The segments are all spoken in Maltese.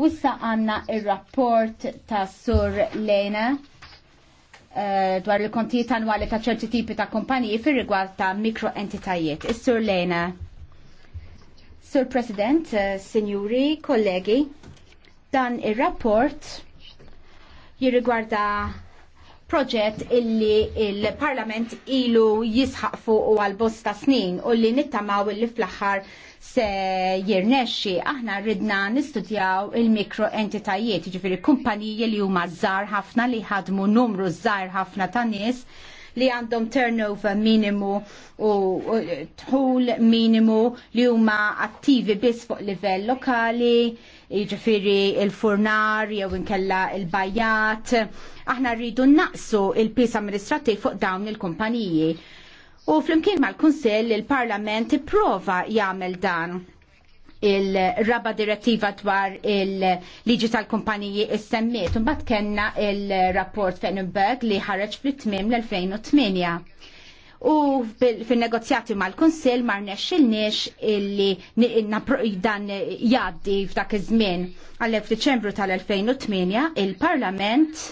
Wissa għanna il-rapport ta' Sur Lena eh, dwar il-kontijiet annwali ta' ċerti tipi ta' kumpaniji fir rigward ta' mikroentitajiet. Is-Sur Lena. Sur President, uh, eh, Sinjuri, kollegi, dan il-rapport jirrigwarda proġett illi il-Parlament ilu jisħaq fuq u għal-bosta snin u li nittamaw illi fl-axar se jirnexxi. Aħna rridna nistudjaw il-mikro entitajiet, ġifiri kumpaniji li huma żgħar ħafna li ħadmu numru żgħar ħafna ta' nies li għandhom turnover minimu u tħul minimu li huma attivi biss fuq livell lokali jiġifieri il-furnar jew inkella il-bajjat. Aħna rridu naqsu il-pis amministrattiv fuq dawn il-kumpaniji. U flimkien mal-Kunsill il-Parlament ipprova jagħmel dan il-raba direttiva dwar il-liġi tal-kumpaniji is-semmiet. imbagħad kellna il-rapport Fenenberg li ħareġ fl-tmiem l-2008 u fil-negozjati mal-Konsil mar nexxilniex illi dan jaddi f'dak iż-żmien. Għalhekk deċembru tal-2008 il-Parlament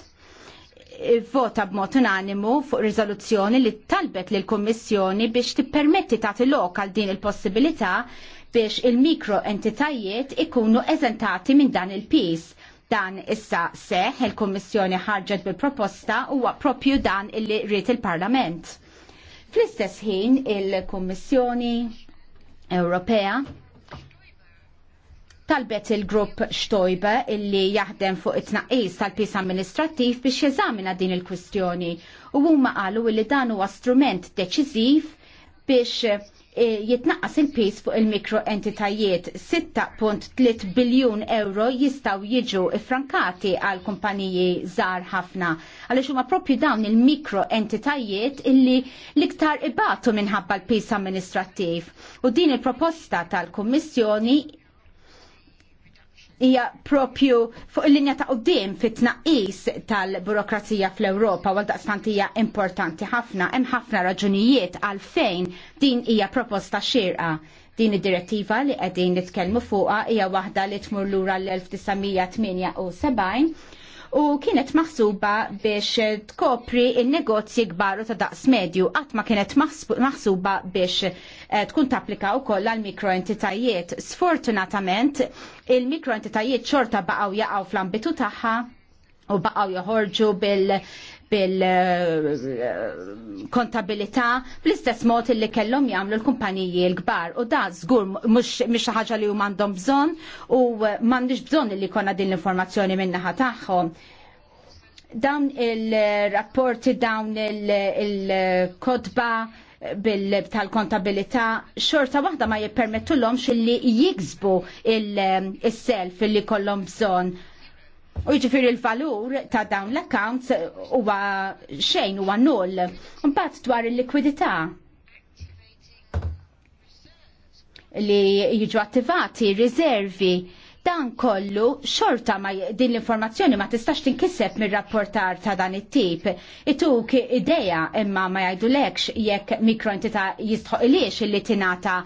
vota b'mod unanimu fuq riżoluzzjoni li talbet lil kummissjoni biex tippermetti tagħti lok għal din il-possibilità biex il-mikro entitajiet ikunu eżentati minn dan il-pis dan issa seħ il-Kommissjoni ħarġet bil-proposta huwa propju dan illi rrit il-Parlament. Fl-istess ħin il-Kummissjoni Ewropea talbet il-grupp Stoiber illi jaħdem fuq it-tnaqqis tal-pis amministrattiv biex jeżamina din il-kwistjoni u huma qalu illi dan huwa strument deċiżiv biex E, jitnaqqas il-pis fuq il-mikro entitajiet 6.3 biljun euro jistaw jiġu ifrankati għal kumpaniji zar ħafna. Għaliex huma propju dawn il-mikro entitajiet illi liktar ibatu minħabba l-pis amministrattiv. U din il-proposta tal-Kummissjoni hija propju fuq il-linja ta' qudiem fit-tnaqqis tal-burokrazija fl-Ewropa għal daqstant hija importanti ħafna hemm ħafna raġunijiet għalfejn din hija proposta xirqa din id-direttiva li qegħdin nitkellmu fuqha hija waħda li tmur lura l-1978 u kienet maħsuba biex tkopri il-negozji gbaru ta' daqs medju, għat ma kienet maħsuba biex eh, tkun tapplika u koll għal mikroentitajiet. Sfortunatament, il-mikroentitajiet xorta baqaw jaqaw fl-ambitu taħħa u baqaw joħorġu bil bil-kontabilità bl-istess mod li kellhom jagħmlu l-kumpaniji l-kbar u da żgur mhux xi ħaġa li huma għandhom bżonn u m'għandix bżonn li jkollna din l-informazzjoni min-naħa tagħhom. Dawn il-rapporti, dawn il-kodba tal-kontabilità xorta waħda ma jippermettu l jiksbu il-self il-li kollom bżonn. U ġifir il-valur ta' dawn l-accounts huwa xejn huwa null. Mbagħad dwar il-likwidità li jiġu attivati riservi dan kollu xorta ma din l-informazzjoni ma tistax tinkiseb mir-rapportar ta' dan it-tip. Ituk ideja imma ma jgħidulekx jekk mikroentita jistħoq iliex li tingħata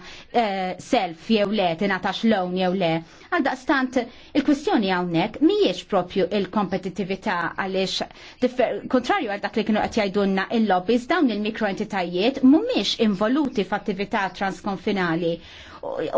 eh, self jew le, tinata xlown jew le. Għaldaqstant il kwestjoni hawnhekk mhijiex propju il-kompetittività għaliex kontrarju għal dak li kienu qed jgħidulna il-lobbies dawn il-mikroentitajiet mhumiex involuti f'attività transkonfinali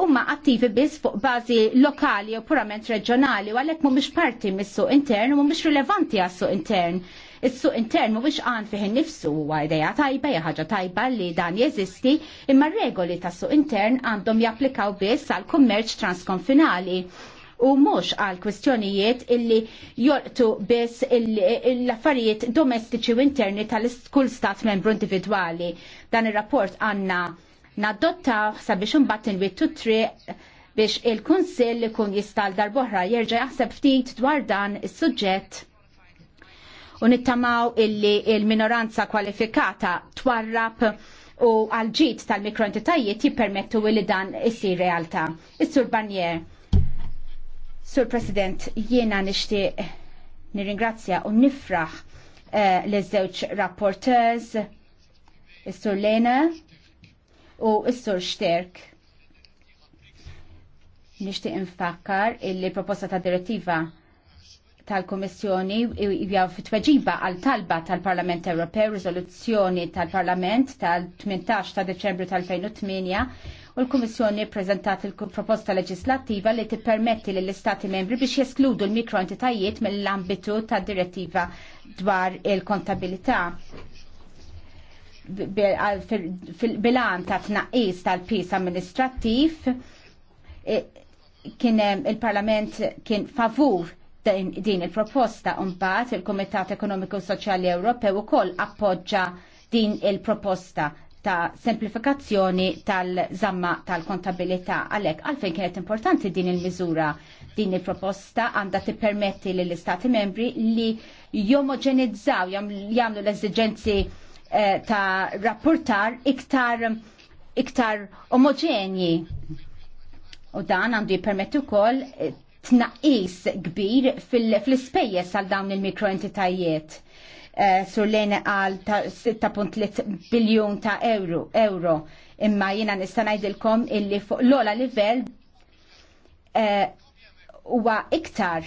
huma attivi biss fuq bażi lokali u purament reġjonali u għalhekk mhumiex parti mis-suq intern u mhumiex rilevanti għas-suq intern. Is-suq intern mhuwiex għan fih innifsu huwa idea tajba jħagġa ħaġa tajba li dan jeżisti, imma regoli tas-suq intern għandhom japplikaw biss għal kummerċ transkonfinali u mhux għal kwestjonijiet illi jolqtu biss l-affarijiet domestiċi u interni tal-kull stat membru individwali. Dan ir-rapport għandna nadotta sabiex imbagħad inwittu triq biex il-Kunsill ikun jista' l darboħra jaħseb ftit dwar dan is-suġġett u nittamaw illi il-minoranza kwalifikata twarrab u għal-ġit tal-mikroentitajiet jippermettu li dan isir realtà. Is-Sur Barnier, Sur President, jiena nixtieq nirringrazzja u nifraħ li eh, l żewġ rapporteurs, is-Sur Lena u is-Sur Sterk. Nixtieq infakkar illi proposta ta' direttiva tal-Komissjoni jgħu fit-tweġiba għal talba tal-Parlament Ewropew, rizoluzzjoni tal-Parlament tal-18 ta' Deċembru tal-2008 u l-Komissjoni prezentat il-proposta leġislattiva li tippermetti lill istati membri biex jeskludu l-mikroentitajiet mill-ambitu tad direttiva dwar il-kontabilità bilan ta' tnaqqis tal-pis amministrattiv e- kien eh, il-Parlament kien favur din il-proposta bat il-Komitat Ekonomiku Soċjali Ewropew ukoll appoġġa din il-proposta ta' semplifikazzjoni tal-zamma tal-kontabilità għalek għalfejn kienet importanti din il-miżura din il-proposta għandha tippermetti lill istati membri li jomogenizzaw jagħmlu l-eżigenzi eh, ta' rapportar iktar iktar omogenji u dan għandu jippermetti wkoll eh, tnaqis kbir fil-ispejjeż għal dawn il-mikroentitajiet. Eh, Sur lejna għal 6.3 biljun ta' euro, euro. imma jina nistanajdilkom illi fuq l-ola livell eh, huwa iktar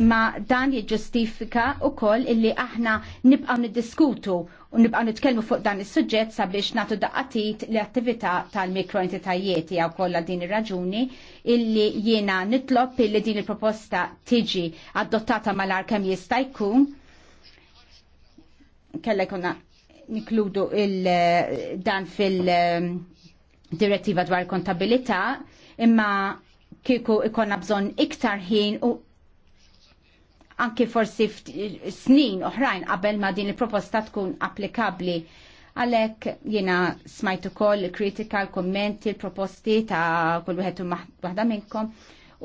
ma dan jiġġustifika u koll illi aħna nibqaw niddiskutu u nibqa' nitkellmu fuq dan is-suġġett sabiex nagħtu daqqatit l-attività tal-mikroentitajiet jew kollha din ir-raġuni illi jiena nitlob illi din il-proposta tiġi adottata malar kemm jista' jkun kella jkunna nikludu dan fil-direttiva dwar kontabilità imma kieku ikonna bżonn iktar ħin u anki forsi snin oħrajn qabel ma din il-proposta tkun applikabli. Għalek jena smajtu koll kritika, l-kommenti, l-proposti ta' kull wieħed waħda minnkom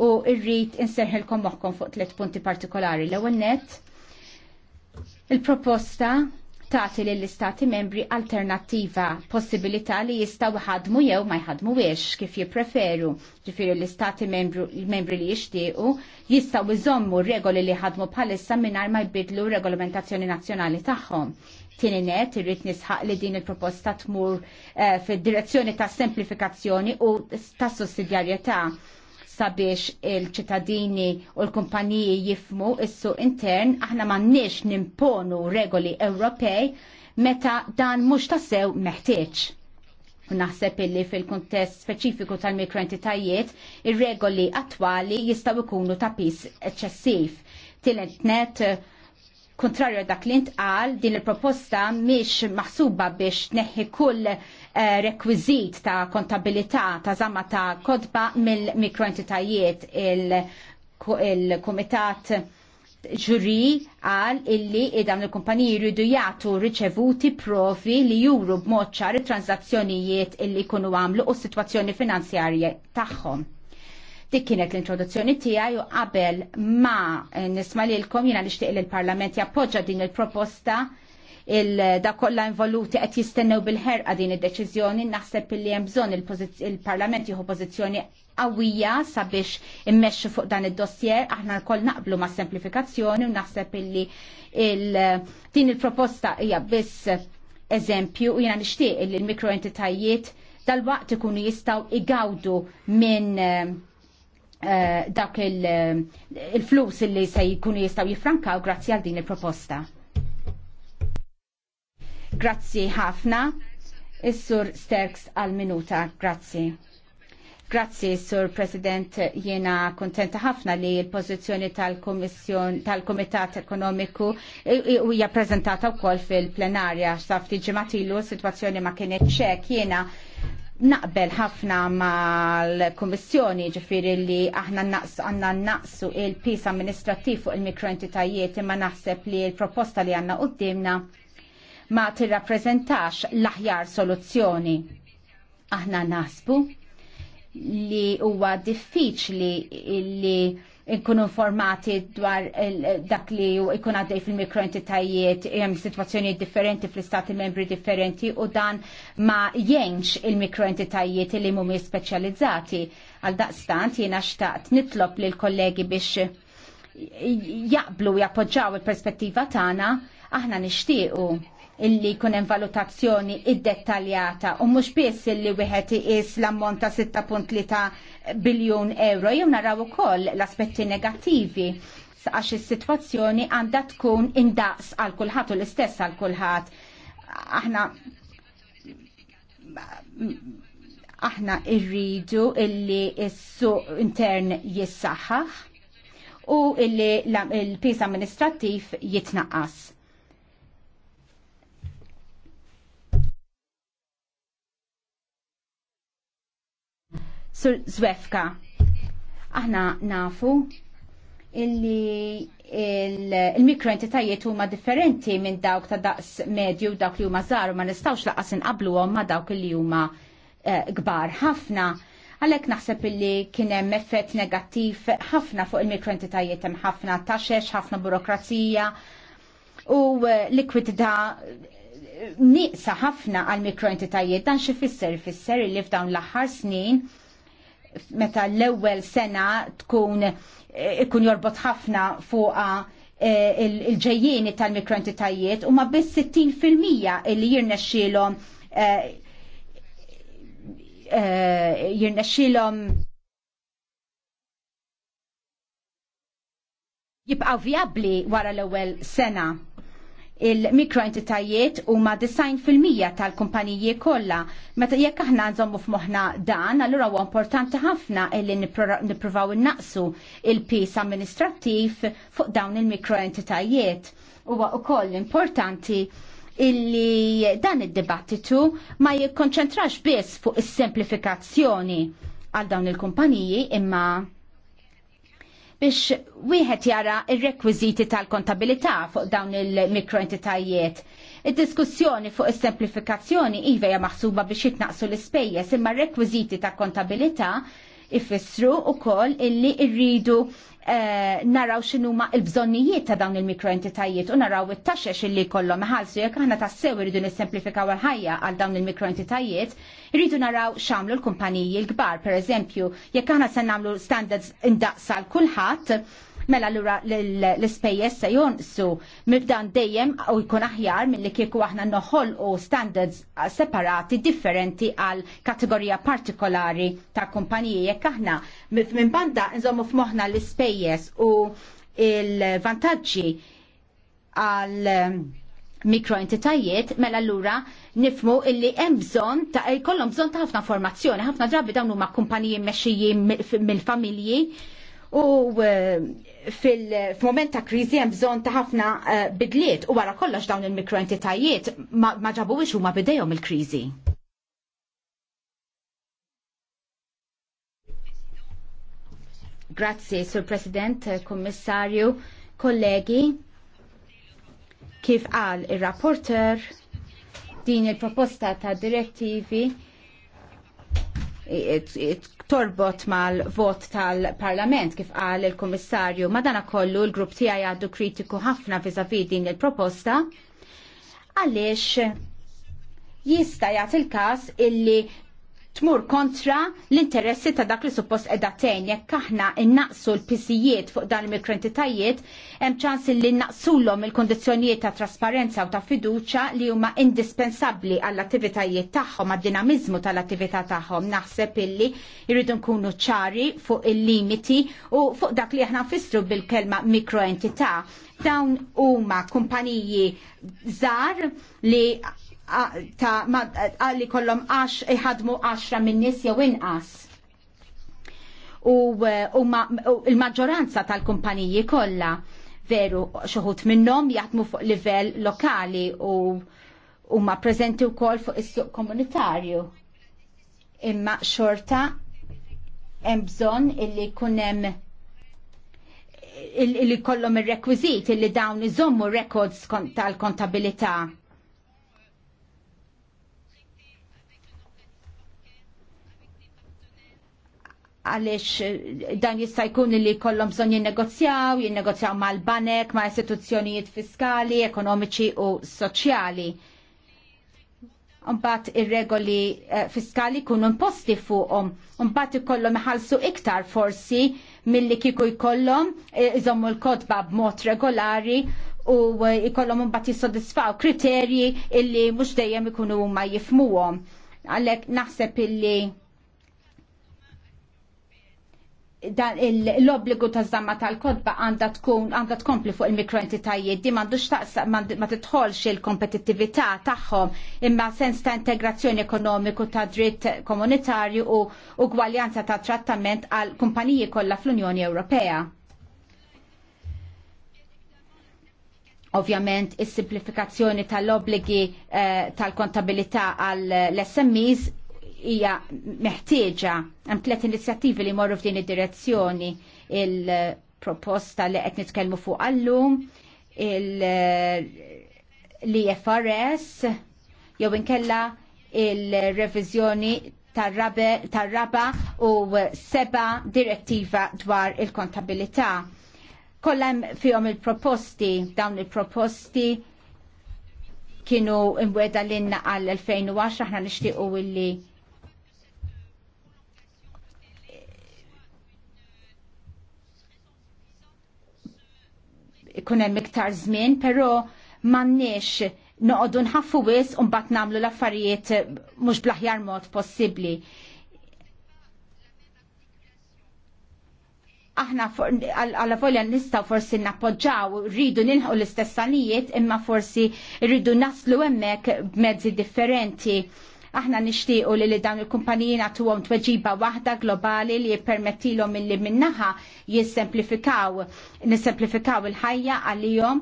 u irrit inserħilkom moħkom fuq tliet punti partikolari. L-ewwel net, il-proposta tagħti lill-istati membri alternattiva, possibilità li jistgħu ħadmu jew ma jħadmuwiex kif jippreferu. Ġifieri l-istati membri li jixtiequ jistgħu iżommu regoli li ħadmu bħalissa mingħajr ma jbidlu regolamentazzjoni nazzjonali tagħhom. Tieni net irrid nisħaq li din il-proposta tmur eh, fid-direzzjoni ta' semplifikazzjoni u ta' sussidjarjetà sabiex il-ċittadini u l-kumpaniji jifmu issu intern aħna m'għandniex nimponu regoli Ewropej meta dan mhux tassew meħtieġ. naħseb illi fil-kuntest speċifiku tal-mikroentitajiet ir-regoli attwali jistgħu jkunu ta' pis eċċessiv. Tilent net kontrarju dak li intqal din il-proposta miex maħsuba biex neħi kull eh, rekwizit ta' kontabilità ta' zama ta' kodba mill-mikroentitajiet il-komitat ġuri għal illi idam il-kumpaniji jridu jagħtu riċevuti provi li juru b'moċċar ċar transazzjonijiet illi jkunu għamlu u s-sitwazzjoni finanzjarje tagħhom. Dik kienet l-introduzzjoni tiegħi u qabel ma eh, nisma' lilkom jiena nixtieq li parlament jappoġġa din il-proposta il-da kollha involuti qed jistennew bil-ħerqa din id-deċiżjoni naħseb li hemm bżonn il-Parlament jieħu pożizzjoni qawwija sabiex immexxu fuq dan id-dossier aħna lkoll naqblu ma' semplifikazzjoni u naħseb illi din il-proposta hija biss eżempju u jiena nixtieq li l-mikroentitajiet dal-waqt ikunu jistgħu igawdu minn eh, Eh, dak eh, il-flus il li se jkunu jistaw jifrankaw grazzi għal din il-proposta. Grazzi ħafna. Is-sur Sterks għal minuta. Grazzi. Grazzi, Sur President, jiena kontenta ħafna li l-pozizjoni tal-Komitat tal Ekonomiku eh, hija prezentata wkoll fil-plenarja x'taf ġimgħat ilu s-sitwazzjoni ma kienet ċek jiena naqbel ħafna mal-Kommissjoni ġifiri li aħna naqs għanna naqsu il-pis amministrativ fuq il-mikroentitajiet imma naħseb li l-proposta li għanna qoddimna ma tirrappreżentax l-aħjar soluzzjoni. Aħna naħsbu li huwa diffiċli li, li Inkunu informati dwar dak li ikun għaddej fil-mikroentitajiet hemm situazzjoni differenti fl-istati membri differenti u dan ma jenx il-mikroentitajiet li mhumiex speċjalizzati. Għal daqstant jiena xtaqt nitlob l kollegi biex jaqblu jappoġġaw il-perspettiva tagħna aħna nixtiequ illi kunem valutazzjoni id-dettaljata u mux biss illi wieħed is l-ammont ta' 6.3 biljun euro jew naraw ukoll l-aspetti negattivi għax is-sitwazzjoni għandha tkun indaqs għal kulħadd u l-istess għal kulħadd. Aħna aħna irridu illi s-suq intern jissaħħaħ u illi l-pis amministrattiv jitnaqqas Sur Zwefka. Aħna nafu illi il-mikroentitajiet huma differenti minn dawk ta' daqs medju dawk li huma żgħar ma nistgħux laqas inqabluhom ma' dawk li huma eh, kbar ħafna. Għalhekk naħseb illi kien hemm effett negattiv ħafna fuq il-mikroentitajiet hemm ħafna taxex, ħafna burokrazija u eh, likwidità eh, nieqsa ħafna għal mikroentitajiet dan xi fisser fisser li f'dawn l-aħħar snin meta l-ewwel sena tkun eh, ikun jorbot ħafna fuqa eh, il-ġejjieni tal-mikroentitajiet u ma biss 60% li jirnexxielhom eh, jirnexxielhom jibqaw viabli wara l-ewwel sena il-mikroentitajiet huma design fil-mija tal-kumpaniji kollha. Meta jekk aħna nżommu f'moħħna dan, allura huwa importanti ħafna illi nippruvaw innaqsu il-pis amministrattiv fuq dawn il-mikroentitajiet. Huwa wkoll importanti illi dan id-dibattitu ma jikkonċentrax biss fuq is-semplifikazzjoni għal dawn il-kumpaniji imma biex wieħed jara il rekwiżiti tal-kontabilità fuq dawn il-mikroentitajiet. Id-diskussjoni fuq is-semplifikazzjoni iva hija maħsuba biex jitnaqsu l-ispejjeż imma r-rekwiżiti ta' kontabilità ifissru wkoll illi rridu naraw eh, naraw x'inhuma l-bżonnijiet ta' dawn il-mikroentitajiet u naraw it-taxxex li kollhom maħalsu jekk aħna tassew irridu nissemplifikaw il-ħajja għal dawn il-mikroentitajiet, irridu naraw x'għamlu l-kumpaniji l-kbar, pereżempju, jekk aħna se nagħmlu standards indaqsa l kulħadd, Mela l-ura l-spejjes se su mibdan dejjem u jkun aħjar mill-li kieku aħna noħol u standards separati differenti għal kategorija partikolari ta' kumpaniji jek aħna minn banda nżommu f'moħna l-spejjes u il-vantaġġi għal ehm, mikroentitajiet mela allura nifmu illi hemm bżonn ta' kollhom bżonn ta' ħafna formazzjoni, ħafna drabi dawn huma kumpaniji mexxijin mill-familji U eh, fil-moment ta' krizi hemm bżonn ta' ħafna eh, bidliet u wara kollox dawn il-mikroentitajiet ma ġabuwix huma bidejhom il-kriżi. Grazzi, Sur President, eh, Kommissarju, kollegi. Kif qal ir-rapporter din il-proposta ta' direttivi torbot mal-vot tal-Parlament kif qal il-Kummissarju. Madana kollu l-grupp tiegħi għaddu kritiku ħafna viżavi din il-proposta għaliex jista jagħti il-każ illi tmur kontra l-interessi ta' dak li suppost edha tejn jekk aħna innaqsu l-pisijiet fuq dan il-mikroentitajiet hemm ċans li l-om il-kondizzjonijiet ta' trasparenza u ta' fiduċa li huma indispensabbli għall-attivitajiet tagħhom għad-dinamiżmu tal-attività tagħhom naħseb illi jridu nkunu ċari fuq il-limiti u fuq dak li aħna nfissru bil-kelma mikroentità dawn huma kumpaniji żgħar li ta' għalli kollom għax iħadmu għaxra minn nies jew inqas. U, eh, u, u il-maġġoranza tal-kumpaniji kollha veru xoħut minnhom jaħdmu fuq livell lokali u huma preżenti wkoll fuq is-suq komunitarju. Imma xorta hemm bżonn illi jkun hemm illi kollhom ir rekwiżiti illi dawn iżommu records tal-kontabilità għalix eh, dan jista' jkun li kollhom bżonn jinnegozjaw, jinnegozjaw mal-banek, ma' istituzzjonijiet fiskali, ekonomiċi u soċjali. Mbagħad ir-regoli eh, fiskali kunu imposti fuqhom, mbagħad ikollhom iħallsu iktar forsi milli kiku jkollhom eh, iżommu l-kodba b'mod regolari u jkollhom mbagħad jissodisfaw kriterji illi mhux dejjem ikunu huma jifmuhom. Għalhekk naħseb illi l-obbligu ta' zamma tal-kodba għanda tkun għanda tkompli fuq il-mikroentitajiet di mandux ma titħolx il-kompetittività tagħhom imma sens ta' integrazzjoni ekonomiku ta' dritt komunitarju u ugwaljanza ta' trattament għal kumpaniji kollha fl-Unjoni Ewropea. Ovvjament, is-simplifikazzjoni tal-obbligi eh, tal-kontabilità għall smes hija meħtieġa hemm tliet inizjattivi li morru f'din id-direzzjoni il-proposta li qed nitkellmu fuq allum l-IFRS jew inkella il-reviżjoni tar-raba u seba direttiva dwar il-kontabilità. Kollha fihom il-proposti, dawn il-proposti kienu imweda l-inna għal 2010 aħna nixtiequ illi ikunem hemm iktar żmien, però m'għandniex noqogħdu nħaffu wis u mbagħad nagħmlu l-affarijiet mhux bl-aħjar mod possibbli. aħna għalla volja nistaw forsi nappoġġaw, rridu nilħu l-istessanijiet, imma forsi rridu naslu emmek b'mezzi differenti Aħna nixtiequ li li dawn il-kumpaniji nagħtuhom tweġiba waħda globali li jippermettilhom milli minnaħa jissemplifikaw nissemplifikaw il-ħajja għalihom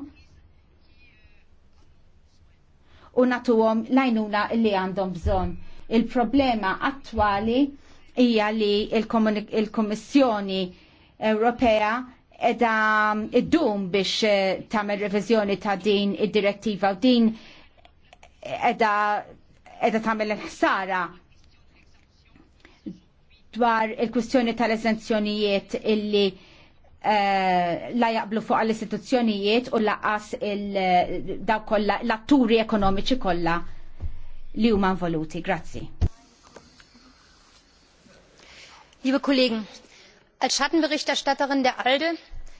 u l lajnuna li għandhom bżonn. Il-problema attwali hija li il-Kommissjoni Ewropea edha id-dum biex eh, tagħmel reviżjoni ta' din id-direttiva u din edha edha tagħmel ħsara dwar il-kwistjoni tal-eżenzjonijiet illi eh, la jaqblu fuq l istituzzjonijiet u laqas il daw kolla l-atturi ekonomiċi kolla li huma involuti. Grazzi. Liebe Kollegen, als Schattenberichterstatterin der ALDE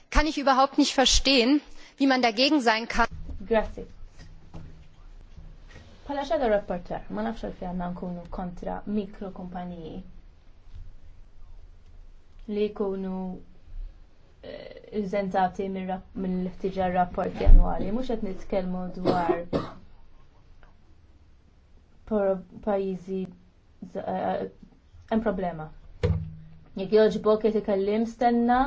kann ich überhaupt nicht verstehen, wie man dagegen sein kann. Grazie. Pala xedda reporter, ma nafx għalfej għanna nkunu kontra mikrokumpaniji li jkunu eh, iżentati mill-ħtiġa rapporti annwali. Mux għet nitkelmu dwar pajizi eh, hemm problema. Jekk joġbo kiet ikallim stenna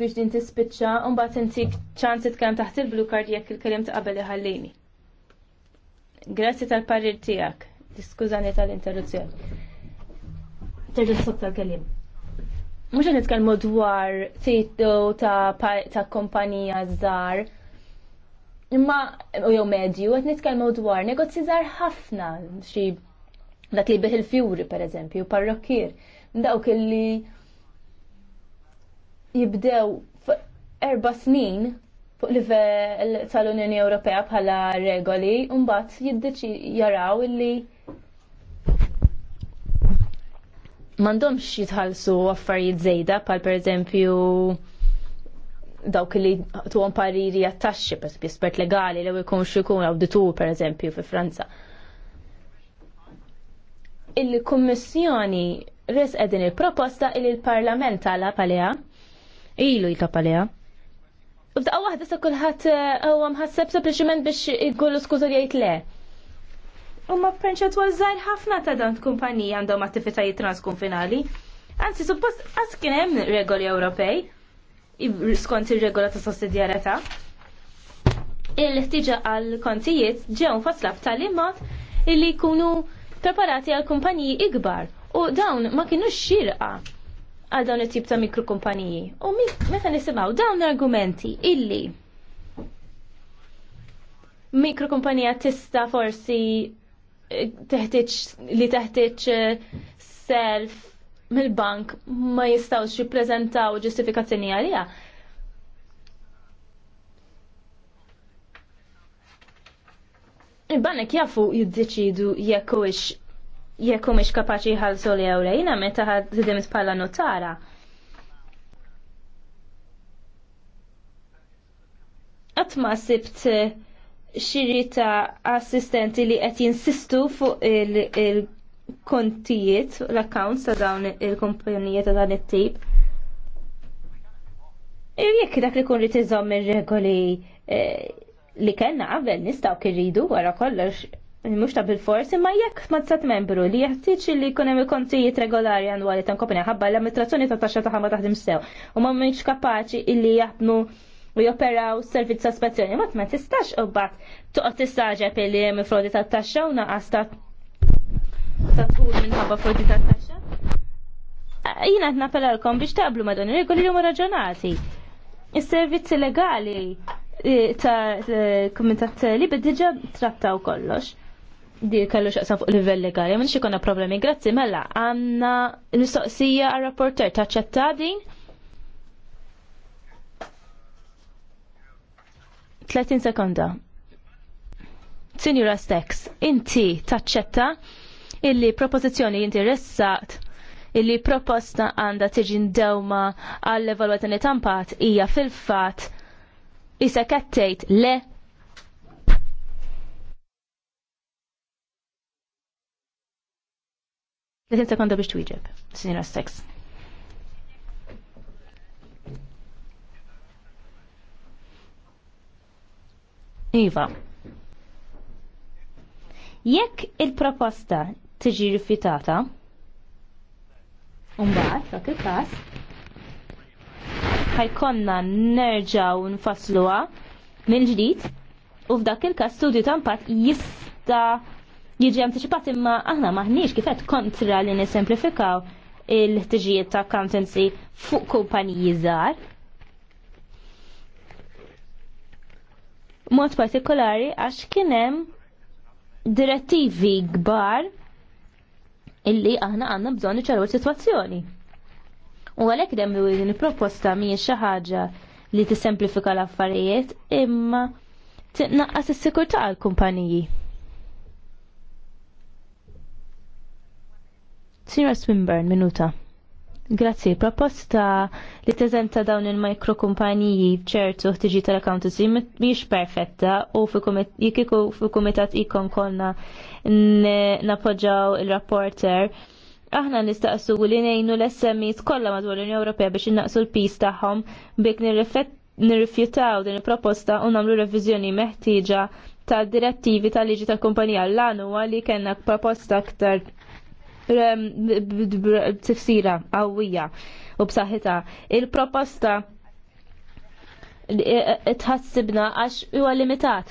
biex din tispiċċa u mbagħad intik ċansi itkellem taħt il-blue card jekk il-kellim taqabel iħallini. Grazzi tal-parir tijak. Diskużani tal-interruzzjoni. Terġa s-sob tal-kelim. Mux għan nitkelmu dwar titlu ta' kompanija żgħar, imma u jew medju qed nitkellmu dwar negozji żgħar ħafna xi dak li beħ il-fjuri pereżempju, parrokkir. dawk li jibdew erba' snin fuq livell tal-Unjoni Ewropea bħala regoli, mbagħad jiddeċi jaraw illi m'għandhomx jitħallsu affarijiet żejda bħal pereżempju dawk li tuhom pariri għat-taxxi per espert legali li jkun xikun awditur pereżempju fi Franza. Il-Kummissjoni res qegħdin il-proposta il il-Parlament għala palea, ilu jitla palea. B'daqqa waħda sa kulħadd huwa eh, sa' sempliċement biex jgullu skużu li jgħid le. Umma perċentwal żgħir ħafna ta' dan kumpaniji għandhom attivitajiet transkonfinali. Anzi, suppost għas kien hemm regoli Ewropej skont ir-regola ta' sussidjarjetà. Il-ħtiġa għal kontijiet ġew fasla b'tali mod illi jkunu preparati għal kumpaniji ikbar u dawn ma kienu xirqa għal dawn it-tip ta' mikrokumpaniji. U meta nisimgħu dawn l-argumenti illi mikrokumpanija tista' forsi eh, teħtieġ li teħtieġ eh, self mill-bank ma jistawx jippreżentaw ġustifikazzjoni għalija. Il-banek jafu jiddeċidu jekk huwiex jekk ix kapaċi jħallsu li ewlejna meta ħad ħadimet bħala notara. Qatt ma sibt eh, xirita assistenti li qed jinsistu fuq il-kontijiet, il l-accounts ta' dawn il kompanijiet ta' dan it-tip. Eh, jekk dak li kun li il ir-regoli eh, li kellna qabel nistgħu kien wara kollox mux ta' bil-forsi, ma jekk ma t-sat membru li jeħtieġ li jkun hemm kontijiet regolari annwali ta' kompanija ħabba l-amministrazzjoni ta' taxxa ta' ma taħdim sew u ma mhix kapaċi illi jaħdmu u joperaw servizz ta' spazzjoni, ma ma tistax u bat toqgħod tistaġeb illi hemm frodi ta' taxxa u naqas ta' tħul minħabba frodi ta' taxxa. Eh, Jiena għetna pelalkom biex taqblu ma' dan regoli li huma raġonati. Is-servizzi legali eh, ta' eh, kumitat li bid dġa trattaw kollox di kellu xaqsam fuq livell legali, minn xikonna problemi. Grazzi, mella, għanna istoqsija għal-rapporter taċċetta din? 30 sekonda. Sinjura Stex, inti taċċetta illi propozizjoni inti ressaqt illi proposta għanda tiġi ndewma għall-evalwazzjoni tampat hija fil-fatt isa kattejt le 30 sekonda biex twieġeb, Sinjora Sex. Iva. Jekk il-proposta tiġi rifjutata, Umbaħt, dak il-kas, ħajkonna nerġaw nfasluwa mill-ġdid u f'dak il-kas studju tampat jista' jiġi antiċipat imma aħna maħniex kifet kontra li nisemplifikaw il-ħtiġijiet ta' accountancy fuq kumpaniji żgħar. Mod partikolari għax kien hemm direttivi kbar illi aħna għandna bżonn iċarru situazzjoni. U għalhekk dem li proposta mi xi ħaġa li semplifika l-affarijiet imma t-naqqas is-sikurtà għall-kumpaniji. Sinjor Swinburne, minuta. Grazzi, proposta li teżenta dawn il-mikrokumpaniji ċertu ħtiġi tal-accountancy miex perfetta u jikiku fi komitat ikon konna napoġaw il-rapporter. Aħna nistaqsu li nejnu l-SMIs kollha madwar l-Unjoni Ewropea biex innaqsu l-pis tagħhom biex nirrifjutaw din il-proposta u nagħmlu reviżjoni meħtieġa tad direttivi tal-liġi tal-kumpanija l-għanu għalli kena proposta aktar b'tifsira qawwija u b'saħħitha. Il-proposta tħassibna għax huwa limitat.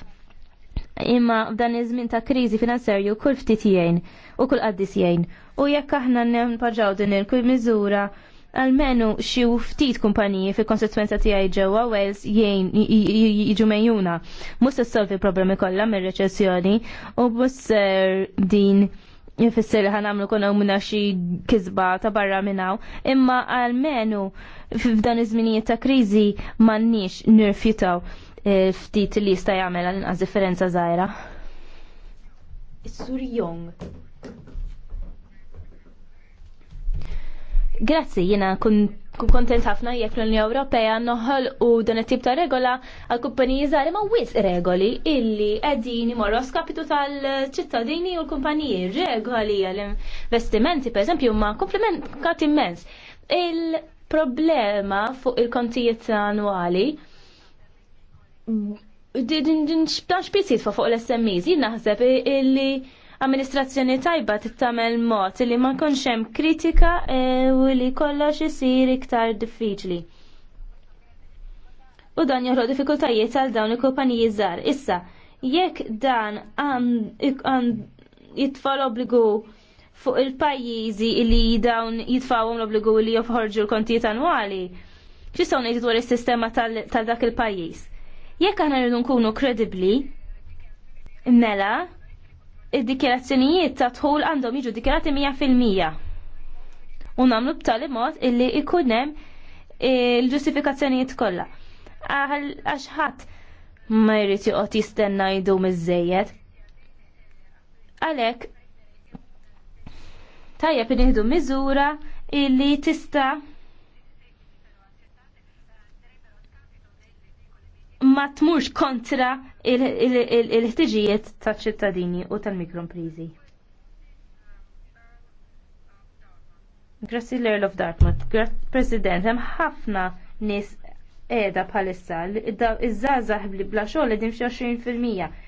Imma f'dan iż-żmien ta' kriżi finanzjarju kull ftit jgħin u kull qaddis jgħin. U jekk aħna nparġaw din il-kull miżura għalmenu xi ftit kumpaniji fil konsekwenza tiegħi ġewwa Wales jgħin jiġu mejjuna. Mhux se solvi problemi kollha mir-reċessjoni u mhux din jifisser li ħanamlu kuna minna xi kizba ta' barra minnaw, imma għalmenu f'dan iż-żminijiet ta' kriżi m'għandniex nirfjutaw eh, ftit li jista' jagħmel għal inqas differenza żgħira. Is-Sur Jong. Grazzi, jiena kun kontent ħafna jekk l-Unjoni Ewropea noħol u dan it-tip ta' regola għal kumpaniji żgħar ma' wis regoli illi qegħdin imorru skapitu tal-ċittadini u l-kumpaniji regoli għall-investimenti pereżempju huma komplimentat immens. Il-problema fuq il-kontijiet annwali din xbtan xbizit fuq l-SMEs, jien naħseb illi amministrazzjoni tajba tittamel mod li ma konxem hemm kritika e, u li kollox isir iktar diffiċli. U dan joħro diffikultajiet għal dawn il-kumpaniji żgħar. Issa, jekk dan jitfal obbligu fuq il-pajjiżi li dawn jitfawhom l-obbligu li joħorġu l-kontijiet annwali, x'istgħu ngħidu dwar is-sistema tal dak il-pajjiż? Jekk aħna rridu nkunu kredibbli, mela, id-dikjerazzjonijiet ta' tħul għandhom jiġu dikjerati 100%. U b'tali mod illi ikunem eh, il-ġustifikazzjonijiet kollha. Għax ħadd ma jrid joqgħod jistenna jdu miżejjed. Għalhekk tajjeb inħdu miżura illi tista' ma tmurx kontra il-ħtiġijiet ta' ċittadini u tal-mikroimprizi. Grazzi l-Earl of Dartmouth, President, hemm ħafna nis edha bħalissa, iż-żazah li bla xogħol qegħdin xi 20%.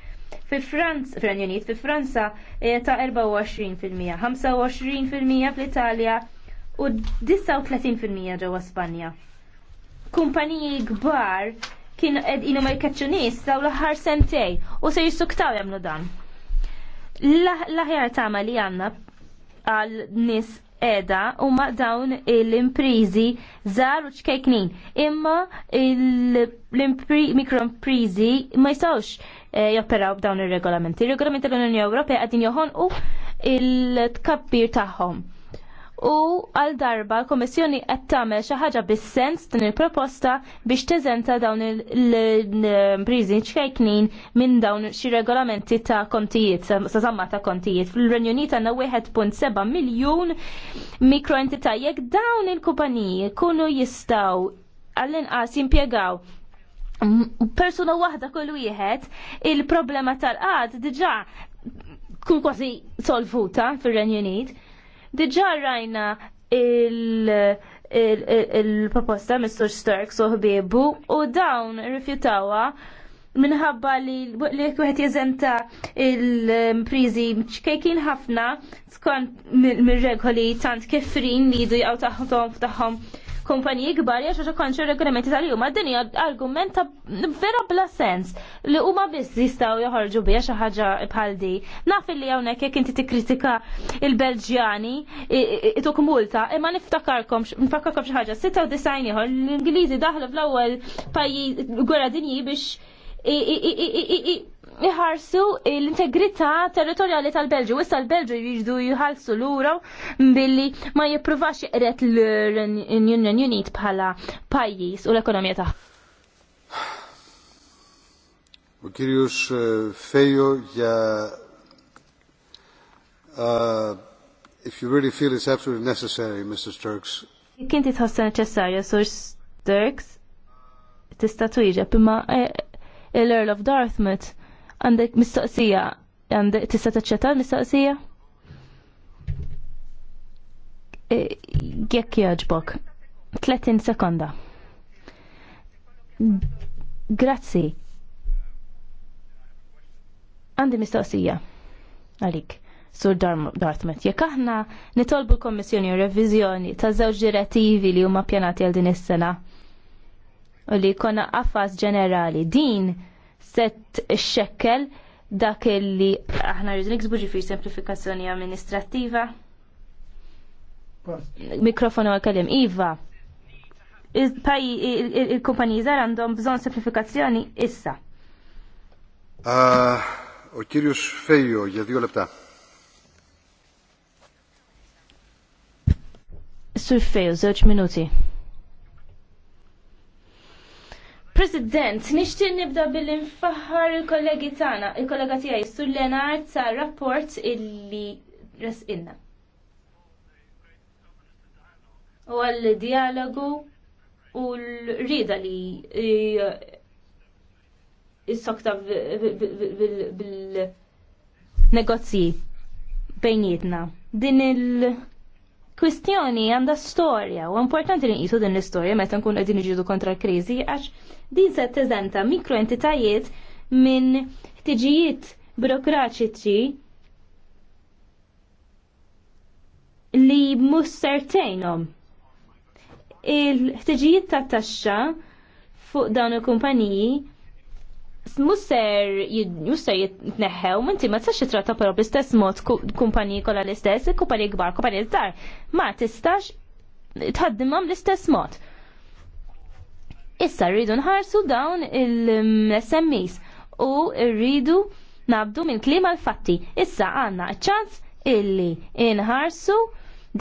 Fi Franz, fil Unit, fi Franza ta' 24%, 25% fl-Italja u 39% ġewwa Spanja. Kumpaniji kbar kien inu ma kaċċunis daw l-ħar sentej u se jissuktaw jamlu dan. L-ħjar tama li għanna għal nis edha u ma dawn l-imprizi zar u ċkejknin. Imma l-mikroimprizi ma jistawx eh, jopperaw b'dawn il-regolamenti. Il-regolamenti l-Unjoni Ewropea għadin joħon u il-tkabbir taħħom u għal darba l-Komissjoni qed tagħmel xi ħaġa bis-sens din il-proposta biex teżenta dawn il-imprizi ċkejknin minn dawn xi regolamenti ta' kontijiet, sa ta' kontijiet. Fil-Renju Unit 1.7 miljun mikroentità jekk dawn il-kumpaniji kunu jistaw għall-inqas jimpjegaw persuna waħda kull wieħed il-problema tal-qad diġà kun kważi solvuta fir-Renju Unit Diġà rajna il-proposta il, il, Mr. Stark soħbiebu u dawn rifjutawa minħabba li li kuħet jeżenta il-prizi ċkejkin ħafna skont mir-regoli tant kifrin li jidu jgħaw taħħom taħħom kumpaniji kbar jaxa xa konċu regolamenti tal huma din hija argument ta' vera bla sens li huma biss jistgħu joħorġu bija xi ħaġa bħal di. Naf li hawnhekk jekk inti tikkritika il-Belġjani ituk multa, imma niftakarkom nfakkarkom xi ħaġa 96 ieħor l-Ingliżi daħlu fl-ewwel pajjiż gwerra dinji biex iħarsu l-integrità territoriali tal-Belġu. Issa l-Belġu jridu jħalsu l-uraw billi ma jippruvax jqret l-Union Unit bħala pajis u l-ekonomija taħ. U kirjux Fejo ja uh, if you really feel it's absolutely necessary, Mr. Sturks. Kinti titħossa neċessarja, Sir Sturks, tista' twieġeb imma eh, l-Earl of Dartmouth Għandek mistoqsija, għandek tista' taċċetta mistoqsija? E, jekk jogħġbok. 30 sekonda. Grazzi. Għandi mistoqsija għalik. Sur Dartmouth, jekk aħna nitolbu l-Kommissjoni u reviżjoni ta' żewġ direttivi li huma pjanati għal din is-sena u li jkollna affas ġenerali din set xekkel dak li aħna rridu niksbu ġifir semplifikazzjoni amministrattiva. Mikrofonu għal-kelim, Iva. il kumpanji zar għandhom bżon semplifikazzjoni issa. U ah, kirjus fejju, jadju lebta. Sur fejju, zewċ minuti. President, nishti nibda bil-infaħar il-kollegi tagħna, il-kollega tiegħi l Lenard sa rapport illi inna. U għall-dialogu u l-rida li is-sokta bil-negozji bejnietna. Din il- kwistjoni għandha storja u importanti li nqisu din l-istorja meta nkun għedin iġidu kontra l-kriżi għax Din se teżenta mikroentitajiet minn ħtiġijiet burokratiċi li mhux sertejnhom. Il-ħtiġijiet ta' taxxa fuq dawn il-kumpaniji Musser jisser jitneħħew, minti ma tistax jitratta però bl-istess mod kumpaniji kollha l-istess, kumpaniji kbar, kumpaniji żgħar, ma tistax tħaddimhom l-istess mod. Issa rridu nħarsu dawn il-SMEs u rridu nabdu minn klima l-fatti. Issa għanna ċans illi nħarsu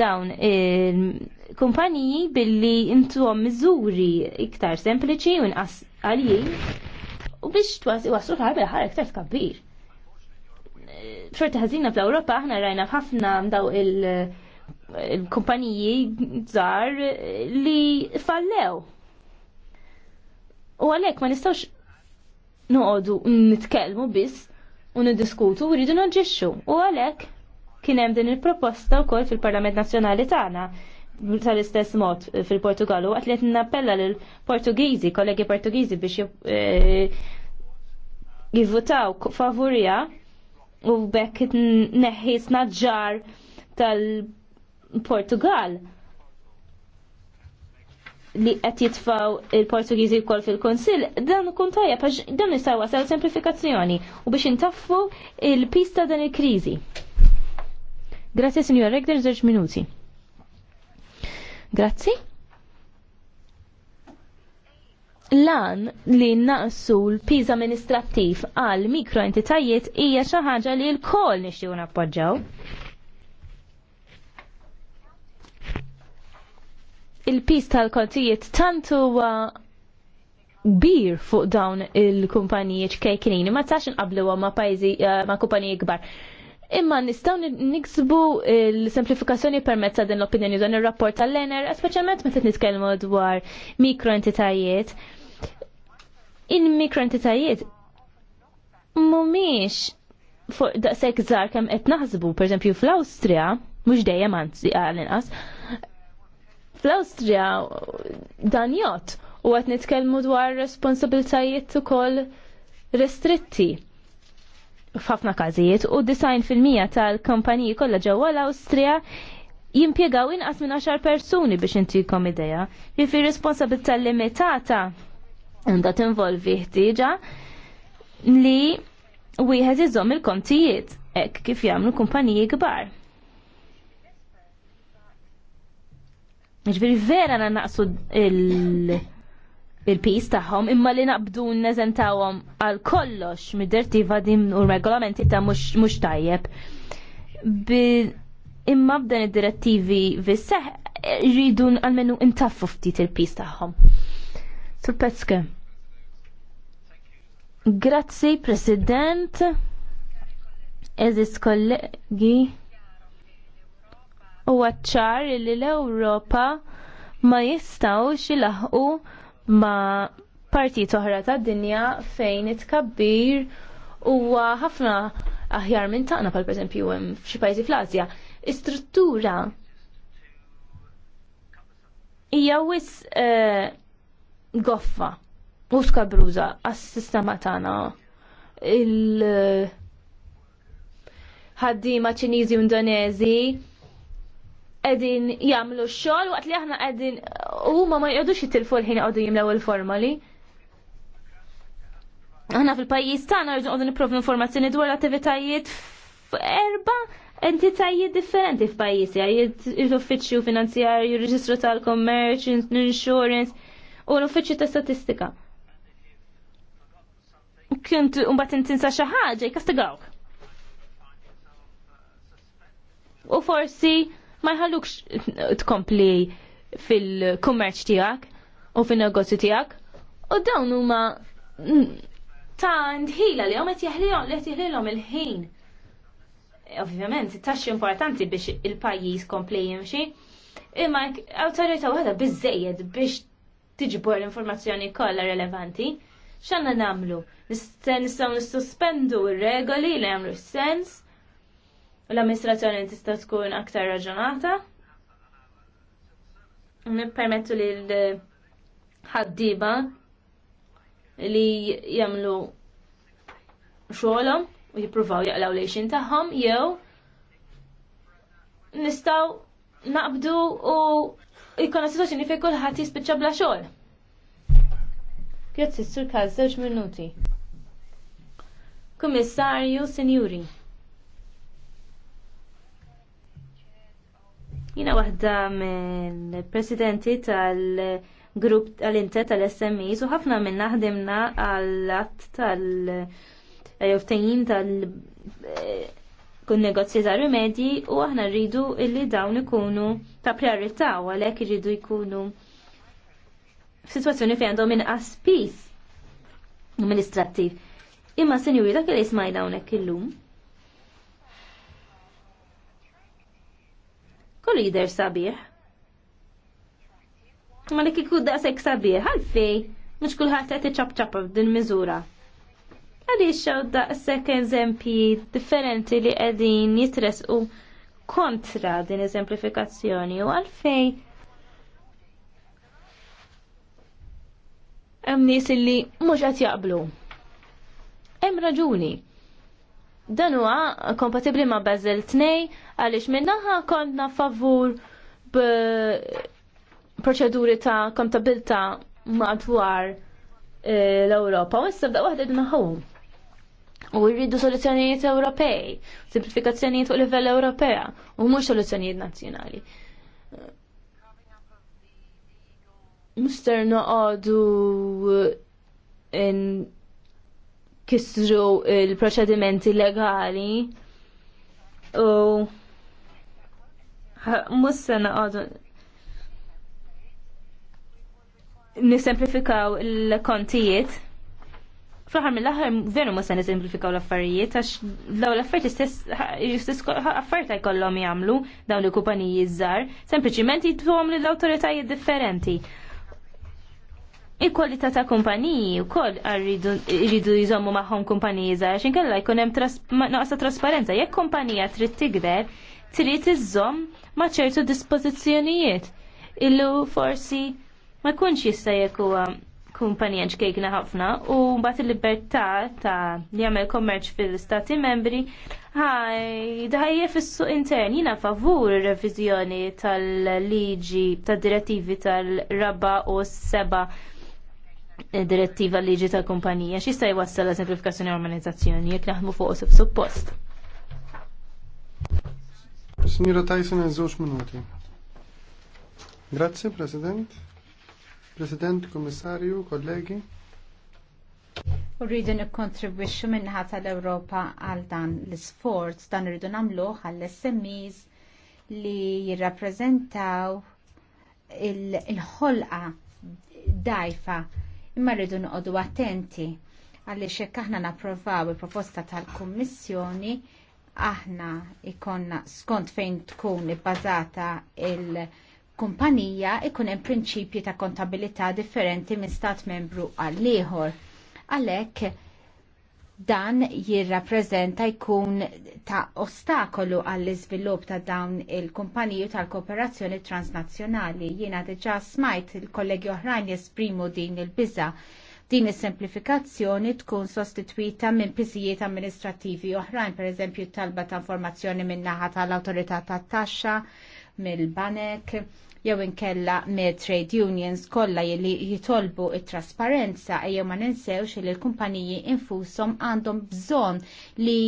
dawn il-kumpaniji billi intuhom miżuri iktar sempliċi u nqas għalijin u biex twasi waslu ħarbi ħar iktar skabbir. Xorta ħazina fl-Ewropa aħna rajna ħafna daw il-kumpaniji żgħar li fallew U għalhekk ma nistawx noqogħdu nitkellmu biss u nidiskutu u rridu naġixxu. U għalhekk kien hemm din il-proposta wkoll fil-Parlament Nazzjonali tagħna tal-istess mod fil-Portugalu għat li nappella l-Portugizi, kollegi Portugizi biex eh, jivvutaw favurija u bekk neħis naġġar tal-Portugal li qed jitfaw il-Portugiżi wkoll fil-Kunsill, dan ikun tajjeb għax dan nistgħu wasal semplifikazzjoni u biex intaffu il-pista dan il-kriżi. Grazie Signor Regder, żewġ minuti. Grazzi. Lan li naqsu l-piż amministrattiv għal mikroentitajiet hija xi ħaġa li l-koll nixtiequ nappoġġaw il-pis tal-kontijiet tant huwa kbir fuq dawn il-kumpaniji kienin, ma tax nqablu ma pajzi eh, ma kumpaniji kbar. Imma nistaw niksbu l-semplifikazzjoni permezz ta' din l-opinjoni dan ir-rapport tal-Lener, speċjalment meta nitkellmu dwar mikroentitajiet. In mikroentitajiet mumiex fuq daqshekk żgħar kemm qed naħsbu, pereżempju fl-Awstrija, mhux dejjem għal inqas, Fl-Awstrija dan jot u għat nitkelmu dwar responsabiltajiet ukoll restritti f'ħafna każijiet u fil-mija tal-kumpaniji kollha ġewwa l-Awstrija jimpjegaw inqas minn 10 persuni biex inti jkom ideja. Jifi responsabilità limitata għandha tinvolvi ħtieġa li wieħed iżomm il-kontijiet hekk kif jagħmlu kumpaniji kbar. Ġviri vera na naqsu il-pis taħħom imma li naqbdu n-nezentawom għal kollox mid-dirtiva din u regolamenti ta' mux tajjeb. Imma b'dan id-direttivi visseħ rridu għalmenu intaffu ftit il-pis taħħom. Sur Petske. Grazzi, President. Eżis kollegi u għacċar li l-Ewropa ma jistaw xilaħu ma partit oħra ta' dinja fejn it-kabbir u ħafna aħjar minn taqna pal preżempju hemm f'xi pajjiżi fl-Asja. Istruttura hija wis eh, goffa u skabruża għas-sistema tagħna il ħaddiema Ċiniżi u qegħdin jagħmlu x-xogħol waqt li aħna qegħdin huma ma jqogħdux jitilfu l-ħin għadu jimlaw il-formali. Aħna fil-pajjiż tagħna rridu qogħdu nipprovdu informazzjoni dwar attivitajiet f'erba' entitajiet differenti f'pajjiżi, l-uffiċċju finanzjarju, reġistru tal-kommerċ, insurance u l-uffiċċju ta' statistika. Kint imbagħad intinsa xi ħaġa jkastigawk. U forsi ma jħallukx tkompli fil-kummerċ tiegħek u fin-negozju tiegħek. U dawn huma ta' ndħila li għomet jahlilom, li jahlilom il-ħin. Ovvjament, taxxi importanti biex il-pajis kompli jimxi, imma autorita għada bizzejed biex tiġbor l-informazzjoni kollha relevanti. Xanna namlu? Nistaw nistaw r-regoli li nistaw sens u l-amministrazzjoni tista' tkun aktar raġunata. Nippermettu li l-ħaddiba li jagħmlu xogħolhom u jippruvaw jaqlaw lejxin tagħhom jew nistgħu naqbdu u jkollna sitwazzjoni fejn kulħadd jispiċċa bla xogħol. Grazzi, Sur Kaz, żewġ minuti. Kummissarju, Sinjuri. Jina waħda mill-presidenti tal-grupp tal intet tal-SMEs u ħafna minna ħdimna għall-att tal-joftajin tal- eh, negozji zaru medji u aħna rridu illi dawn ikunu ta' priorità u għalhekk irridu jkunu f'sitwazzjoni fejn għandhom minn peace amministrattiv. Imma senjuri dak li smajna il illum. kollu jider sabiħ. Ma li kiku daqsek sabiħ, għalfej, mux kullħat għati ċabċabba din miżura. Għalix xaw daqsek eżempji differenti li għedin jitresqu kontra din eżemplifikazzjoni u għalfej. Hemm nies illi mhux qed jaqblu. Hemm raġuni Dan huwa kompatibbli ma' Basel 2 għaliex minnaħa kontna favur b'proċeduri ta' kontabilta madwar e, l-Ewropa. U issa bda waħda id U rridu soluzzjonijiet Ewropej, simplifikazzjonijiet fuq livell Ewropea, u mhux soluzzjonijiet nazzjonali. Mister noqogħdu in kisru il-proċedimenti legali u mussa naqadu nisemplifikaw l-kontijiet. Fl-ħar mill-ħar veru musa nisemplifikaw l-affarijiet, għax daw l-affarijiet istess affarijiet jkollhom jagħmlu dawn il kupanijiet żgħar, sempliciment jitwom lill-awtoritajiet differenti il-kwalità ta' kumpaniji wkoll rridu jżommu magħhom kumpaniji żgħar x'inkella jkun hemm naqsa trasparenza jekk kumpanija trid tigber trid iżżomm ma' ċertu dispożizzjonijiet illu forsi ma jkunx jista' jekk huwa kumpanija ġkejkna ħafna u mbagħad il-libertà ta' li jagħmel kommerċ fil-Stati membri ħaj daħje fissu intern jiena favur ir-reviżjoni tal-liġi tad-direttivi tal-raba u s-seba' direttiva liġi tal kumpanija jista' jwassal la semplifikazzjoni u organizzazzjoni jekk naħdmu fuq osib suppost. Signora Tyson, zoċ minuti. Grazie, President. President, Kommissarju, kollegi. Urridu nikkontribwixxu minnaħa tal-Ewropa għal dan l-isforz dan irridu nagħmluh għall-SMEs li jirrappreżentaw il-ħolqa dajfa imma rridu noqogħdu attenti għaliex hekk aħna napprovaw il-proposta tal-Kummissjoni aħna ikonna skont fejn tkun ibbażata il- kumpanija ikun hemm prinċipji ta' kontabilità differenti minn stat membru għal ieħor. Għalhekk dan jirrappreżenta jkun ta' ostakolu għall iżvilupp ta' dawn il-kumpaniju tal-kooperazzjoni transnazzjonali. Jiena diġà smajt il-kollegi oħrajn jesprimu din il-biża din is-semplifikazzjoni tkun sostitwita minn piżijiet amministrattivi oħrajn, pereżempju talba ta' informazzjoni min-naħa tal-awtorità tat-taxxa, mill-banek, jew inkella me trade unions kollha jilli jitolbu t trasparenza jew ma ninsewx li l-kumpaniji infushom għandhom bżonn li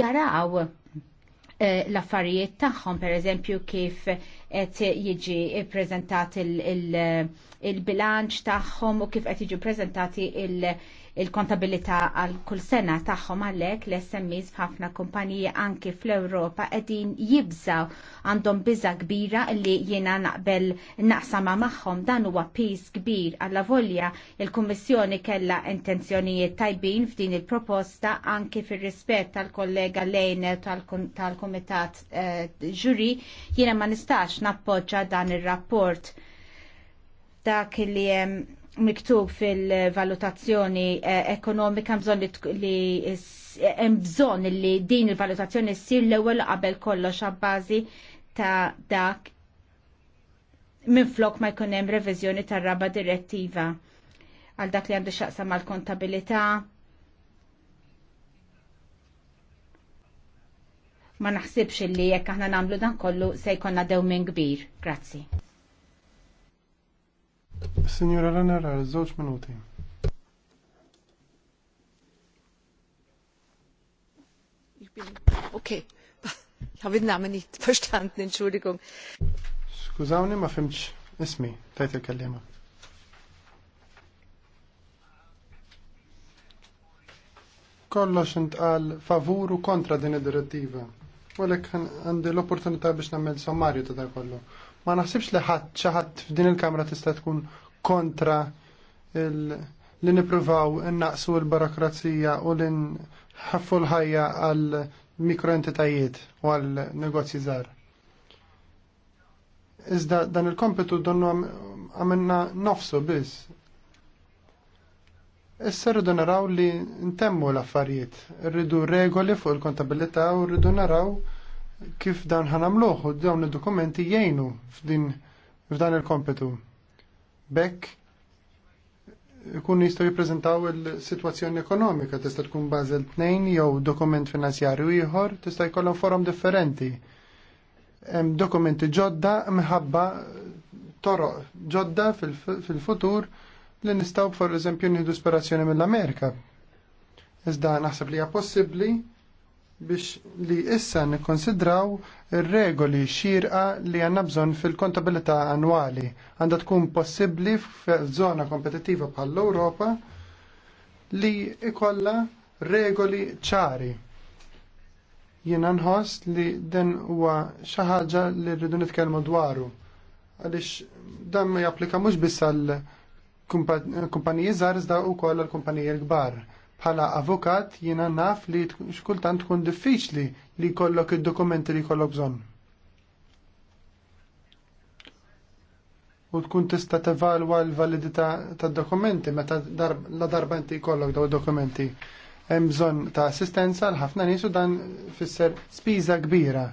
jaraw eh, l-affarijiet tagħhom pereżempju kif qed jiġi ppreżentat il-bilanċ tagħhom u kif qed jiġi ppreżentati il-, il il-kontabilità għal kull sena tagħhom għalhekk l smis f'ħafna kumpaniji anki fl-Ewropa qegħdin jibżaw għandhom biża kbira li jiena naqbel naqsama magħhom dan huwa piż kbir alla volja il-Kummissjoni kellha intenzjonijiet tajbin f'din il-proposta anki fir-rispett tal-kollega Lejne tal-Kumitat eh, Ġuri jiena ma nistax nappoġġa dan ir-rapport dak li hemm miktub fil-valutazzjoni eh, ekonomika bżon li eh, hemm bżonn li din il-valutazzjoni ssir l-ewwel qabel kollox abbażi ta' dak minflok ma jkun hemm reviżjoni tar-raba direttiva għal dak li għandu x'aqsam mal-kontabilità. Ma naħsibx li jekk aħna nagħmlu dan kollu se jkollna dew minn kbir. Grazzi. Signora Renner, għal żewġ minuti. Ok, għavidna għamini t-fastant ninċurikum. Skużawni ma fimċ ismi, tajt il-kallima. Kollox intqal favuru kontra din id-direttiva. Walek għandi l-opportunità biex nammel sommarju ta' kollu. Ma naħsibx li ħadd xi ħadd f'din il-Kamra tista' tkun kontra li nippruvaw innaqsu l-barokrazija u li nħaffu l-ħajja għal mikroentitajiet u għal negozji żgħar. Iżda dan il-kompetu donnu għamilna nofsu biss. Issa rridu naraw li ntemmu l-affarijiet, rridu regoli fuq il-kontabilità u rridu naraw kif dan ħanamluħ u dawn id-dokumenti jgħinu f'din f'dan il-kompetu. Bekk ikun jistgħu jippreżentaw il-sitwazzjoni ekonomika tista' tkun Basel 2 jew dokument finanzjarju ieħor tista' jkollhom forom differenti. Hemm dokumenti ġodda m'ħabba toroq ġodda fil-futur li nistgħu for eżempju nieħdu ispirazzjoni mill-Amerika. Iżda naħseb li hija possibbli biex li issa nikkonsidraw ir-regoli xirqa li għanna bżonn fil-kontabilità annwali. Għandha tkun possibbli f'żona kompetittiva bħall-Ewropa li ikolla regoli ċari. Jiena nħoss li den huwa xi ħaġa li rridu nitkellmu dwaru. Għaliex dan ma japplika mhux biss għall kumpaniji żgħar iżda wkoll għall kumpaniji l-kbar Bħala avukat jiena naf li xkultant tkun diffiċli li jkollok id-dokumenti li jkollok bżonn. u tkun tista' tevalwa l-validità tad-dokumenti meta la darba inti jkollok daw dokumenti. Hemm bżonn ta' assistenza l ħafna nisu dan fisser spiża kbira.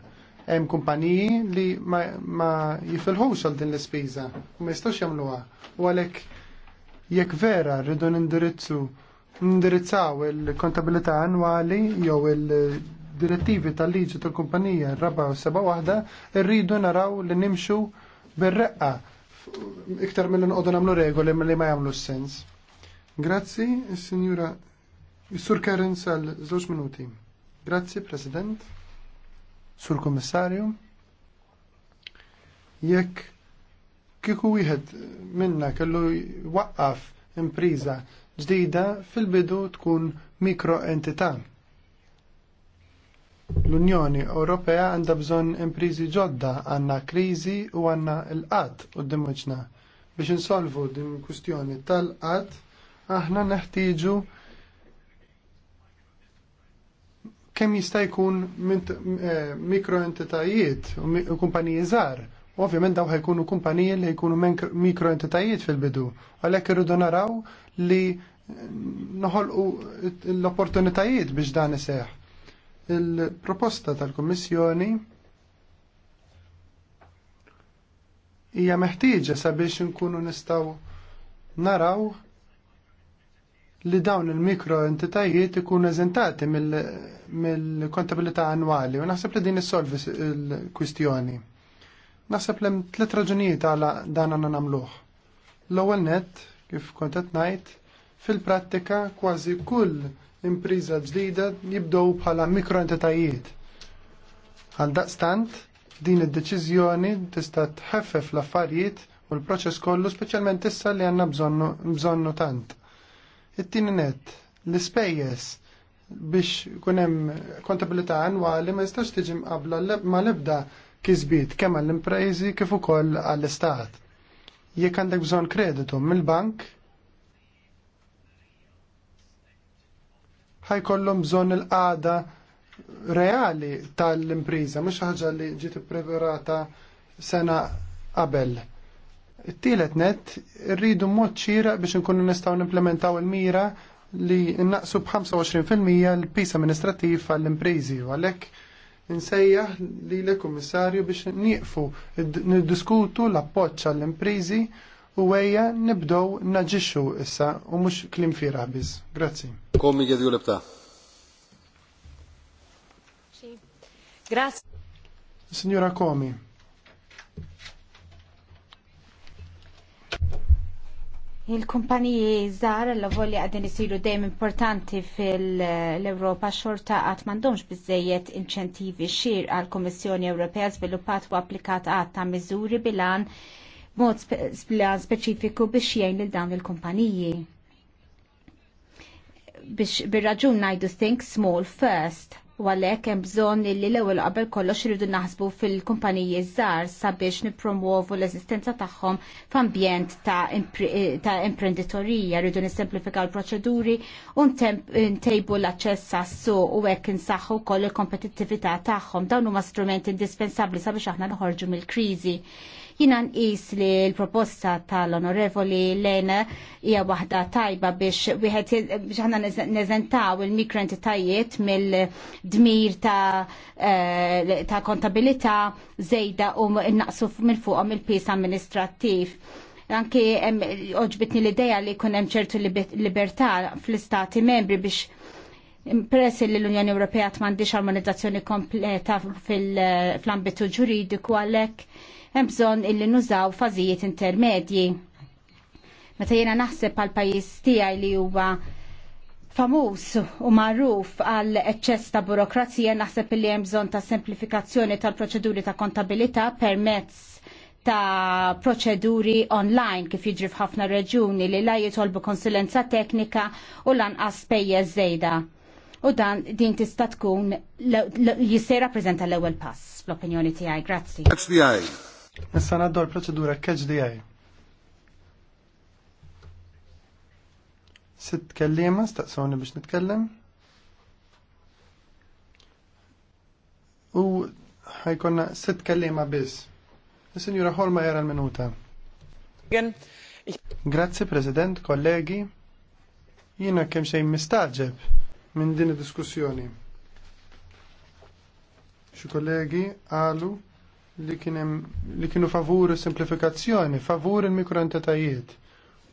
Hemm kumpaniji li ma, ma jifilħux għal din l-ispiża u ma jistgħux jagħmluha. U għalhekk jekk vera rridu nindirizzu Ndirizzaw il-kontabilità annwali jew il-direttivi tal-liġi tal-kumpanija raba u seba irridu naraw li nimxu bir-reqqa iktar mill nqodu namlu regoli milli ma jagħmlu sens. Grazzi, signora Sur Karen sal żewġ minuti. Grazzi, President, Sur Kommissarju. Jekk kieku wieħed minna kellu waqqaf impriża ġdida fil-bidu tkun mikroentità. L-Unjoni Ewropea għandha bżonn imprizi ġodda għandna kriżi u għandna l-qatt qudiem wiċċna. Biex insolvu din il-kwistjoni tal-qatt aħna neħtieġu kemm jista' jkun eh, mikroentitajiet u kumpaniji żgħar Ovvijament daw ħajkunu kumpaniji li jkunu mikroentitajiet fil-bidu, għalhekk irridu naraw li noħolqu l-opportunitajiet biex dan iseħħ. Il-proposta tal-Kummissjoni hija meħtieġa sabiex nkunu nistgħu naraw li dawn il-mikroentitajiet ikunu eżentati mill-kontabilità annwali u naħseb li din issolvi l-kwistjoni. Naħseb lem tliet raġunijiet għala dan għanna namluħ. L-ewwel nett, kif kont qed ngħid, fil-prattika kważi kull impriża ġdida jibdew bħala mikroentitajiet. Għal daqstant, din id-deċiżjoni tista' tħeffef l-affarijiet u l-proċess kollu speċjalment issa li għandna bżonnu tant. It-tieni net, l-ispejjeż biex kun hemm kontabilità annwali ma jistax tiġi mqabla ma l-ebda kizbit kemm għall-imprejzi kif ukoll għall-istat. Jekk għandek bżonn kreditu mill-bank, ħajkollhom bżonn il-qagħda reali tal-impriża, mhux ħaġa li ġiet ippreparata sena qabel. Tielet net, rridu mod ċira biex nkunu nistgħu nimplementaw il-mira li naqsu b'25% l-pis amministrattiv għall impreżi u għalhekk nsejjaħ li l-Kummissarju biex nieqfu niddiskutu l-appoġġ għall-imprizi u għeja nibdow naġixxu issa u mhux klim fira biss. Grazzi. Komi l-ebta. Grazzi. Signora Komi. Il-kumpaniji zar l volja qegħdin isiru dejjem importanti fil-Ewropa xorta qatt m'għandhomx bizzejiet inċentivi xir għal kummissjoni Ewropea żviluppat u applikat għat ta' miżuri bilan mod speċifiku biex jgħin lil dawn il-kumpaniji. Biex bir-raġun ngħidu think small first u għalek hemm bżonn li l-ewwel qabel kollox iridu naħsbu fil-kumpaniji żgħar sabiex nippromuovu l-eżistenza tagħhom f'ambjent ta', ta imprenditorija, rridu nisimplifikaw l-proċeduri u ntejbu l-aċċess għas-suq u hekk insaħħu wkoll il-kompetittività tagħhom. Dawn huma strumenti indispensabbli sabiex aħna noħorġu mill-kriżi. Jina nqis li l-proposta tal-onorevoli Lena hija waħda tajba biex wieħed aħna neżentaw il tajjet mill-dmir ta' eh, ta' kontabilità żejda u naqsu minn fuqhom il-pis amministrattiv anki oġbitni l-ideja li kunem ċertu libertà fl-istati membri biex Impressi li l-Unjoni Ewropea t-mandiċ armonizzazzjoni kompleta fil-ambitu ġuridiku għalek, hemm bżonn illi nużaw fażijiet intermedji. Meta jiena naħseb għal pajjiż tiegħi li huwa famus u magħruf għal eċċess ta' burokrazija naħseb illi hemm bżonn ta' semplifikazzjoni tal-proċeduri ta' kontabilità permezz ta' proċeduri online kif jiġri f'ħafna reġuni li la jitolbu konsulenza teknika u lanqas pejjeż żejda u dan din tista' tkun jista' rappreżenta l-ewwel pass fl-opinjoni tiegħi. Grazzi. Catch the eye. Issa ngħaddu l-proċedura catch the eye. Sitt kellima, staqsawni biex nitkellem. U ħajkonna sitt kellima biss. Is-Sinjura Holma jara l-minuta. Grazzi, President, kollegi. Jiena kemm xejn mistaġeb minn din id-diskussjoni. Xi kollegi qalu li, li kienu favur simplifikazzjoni, favur il-mikroentitajiet.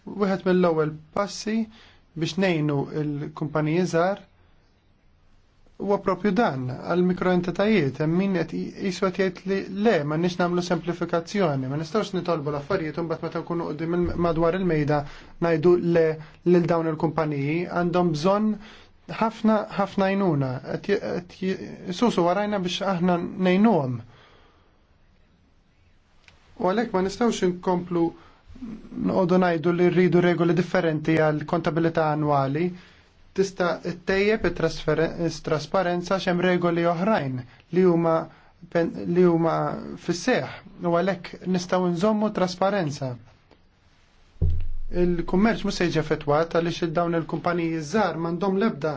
Wieħed mill-ewwel passi biex nejnu l kumpaniji żgħar huwa proprju dan għal mikroentitajiet hemm min qed jiswa jgħid li le ma nix nagħmlu semplifikazzjoni, ma nistgħux nitolbu l-affarijiet imbagħad meta nkunu qudiem madwar il-mejda ngħidu le lil dawn il-kumpaniji għandhom bżonn ħafna ħafna jnuna, susu warajna biex aħna nejnuhom. U għalek ma nistawx inkomplu noqogħdu ngħidu li rridu regoli differenti għal kontabilità annwali, tista' ttejjeb it-trasparenza x'hemm regoli oħrajn li huma li huma fis-seħ u għalhekk nistgħu nżommu trasparenza il-kummerċ mhux se effettwat effettwat għaliex dawn il-kumpaniji żgħar m'għandhom l-ebda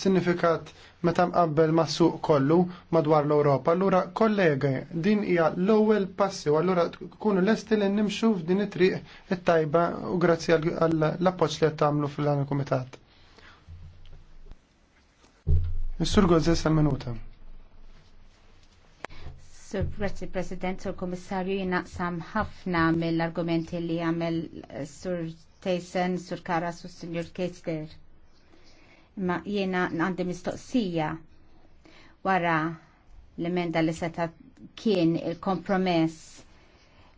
sinifikat meta mqabbel ma' suq kollu madwar l-Ewropa. Allura kollega, din hija l-ewwel passi u allura tkunu lesti li nimxu f'din it-triq it-tajba u grazzi għall-appoġġ li qed tagħmlu fil-kumitat. Is-sur minuta. Sur President, Sur Komissarju, jinaqsam ħafna mill-argumenti li għamel eh, Sur Tyson, Sur Karas u Sur Kester. Ma jiena għandi mistoqsija wara l-emenda li seta kien il-kompromess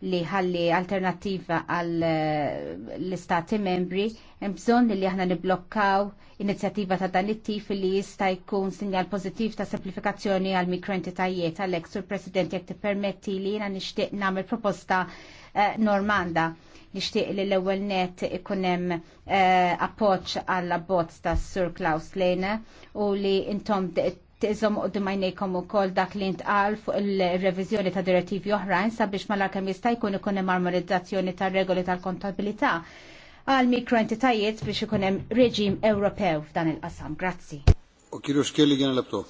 li ħalli alternativa għall eh, l-istati membri, hemm bżonn li aħna niblokkaw inizjattiva ta' dan it-tif li jista' jkun sinjal pożittiv ta' semplifikazzjoni għal mikroentitajiet għalhekk sur President jekk tippermetti li jiena nixtieq nagħmel proposta eh, normanda nixtieq li l-ewwel net ikun hemm eh, appoġġ għall abbozz tas Sur Klaus Lena u li intom tiżom u dimajnejkom u kol dak li intqal fuq il-revizjoni ta' direttivi oħrajn sabiex mal-arkem jista' jkun ikun hemm armonizzazzjoni ta' regoli tal-kontabilità għal mikroentitajiet biex ikun hemm reġim Ewropew f'dan il-qasam. Grazzi. U kiru xkelli għan l-abtu.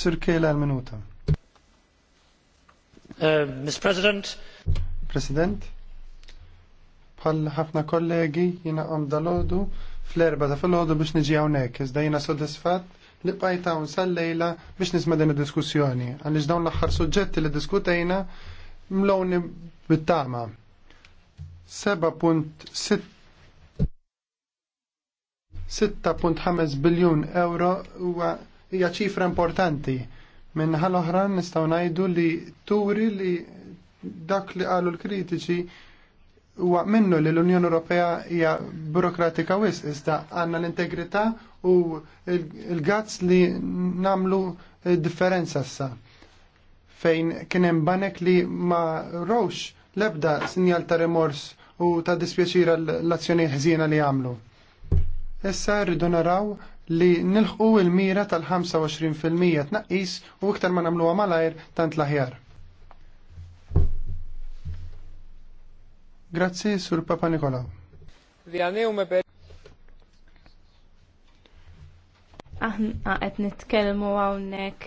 Sir Kela minuta uh, Mr. President. President. Bħal ħafna kollegi jina għom dalodu fl-erba ta' fil-ħodu biex niġi hawnhekk, iżda jiena sodisfatt li bqajt hawn sal-lejla biex nisma' din id-diskussjoni għaliex dawn l-aħħar suġġetti li diskutejna mlowni bit-tama. 6.5 biljun euro huwa hija ċifra importanti. Minn l-oħra nistgħu ngħidu li turi li dak li qalu l-kritiċi huwa minnu li l-Unjoni Ewropea hija burokratika wis iżda għandna l-integrità u l-gazz li namlu eh, differenza sa fejn kien hemm banek li ma rowx l-ebda sinjal ta' remors u ta' dispjaċira l-azzjoni ħżiena li għamlu. Issa rridu naraw li nilħqu il-mira tal-25% tnaqqis u iktar ma nagħmluha malajr tant l-aħjar. Grazzi, Sur Papa per... Aħna qed nitkellmu hawnhekk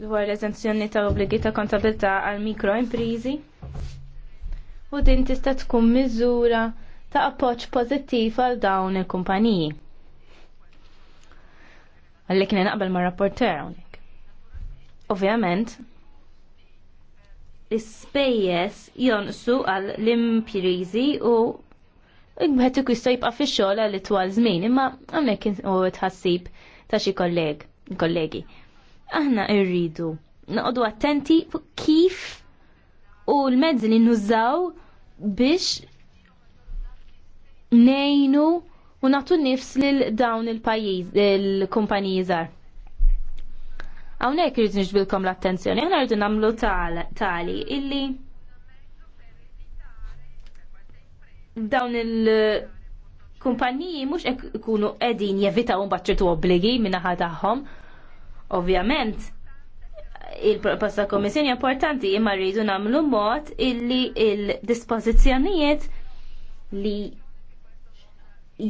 dwar l-eżenzjoni ta' obbligi ta' kontabilità għal mikroimprizi u din tista' tkun miżura ta' appoġġ pożittiv għal dawn il-kumpaniji. Għalhekk kien naqbel ma' rapporter hawnhekk. Ovvjament, l-ispejjeż jonqsu għal l-impjiriżi u għet kisto jibqa' fix-xogħol li twal żmien, imma hemmhekk u tħassib ta' xi kolleg, kollegi. Aħna rridu noqogħdu attenti kif u l-mezzi li nużaw biex nejnu u natu nifs lil dawn il-pajjiż il-kumpaniji żgħar. Hawnhekk irid nġbilkom l-attenzjoni, aħna rridu nagħmlu tali illi dawn il-kumpanniji mhux qed ikunu qegħdin jevitaw mbagħad ċertu obbligi minna tagħhom. Ovvjament, il-proposta kommissjoni importanti imma rridu nagħmlu mod illi il-dispożizzjonijiet li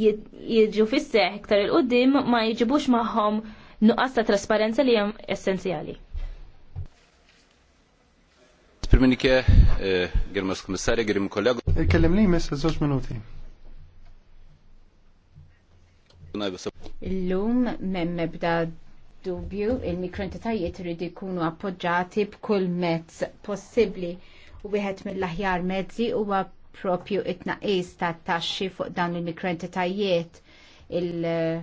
jiġu fisseħ iktar il-qudiem ma jiġibux magħhom nuqqas ta' trasparenza li hemm essenzjali. Pirminike, eh, għirmas komissari, għirim kollegu. Kellem li jmess zoċ minuti. Illum mem mebda dubju il-mikroentitajiet rridu jkunu appoġġati b'kull mezz possibbli u wieħed mill-aħjar mezzi huwa propju it-tnaqqis ta' taxxi fuq dawn il-mikroentitajiet il-, -mikroentitajiet, il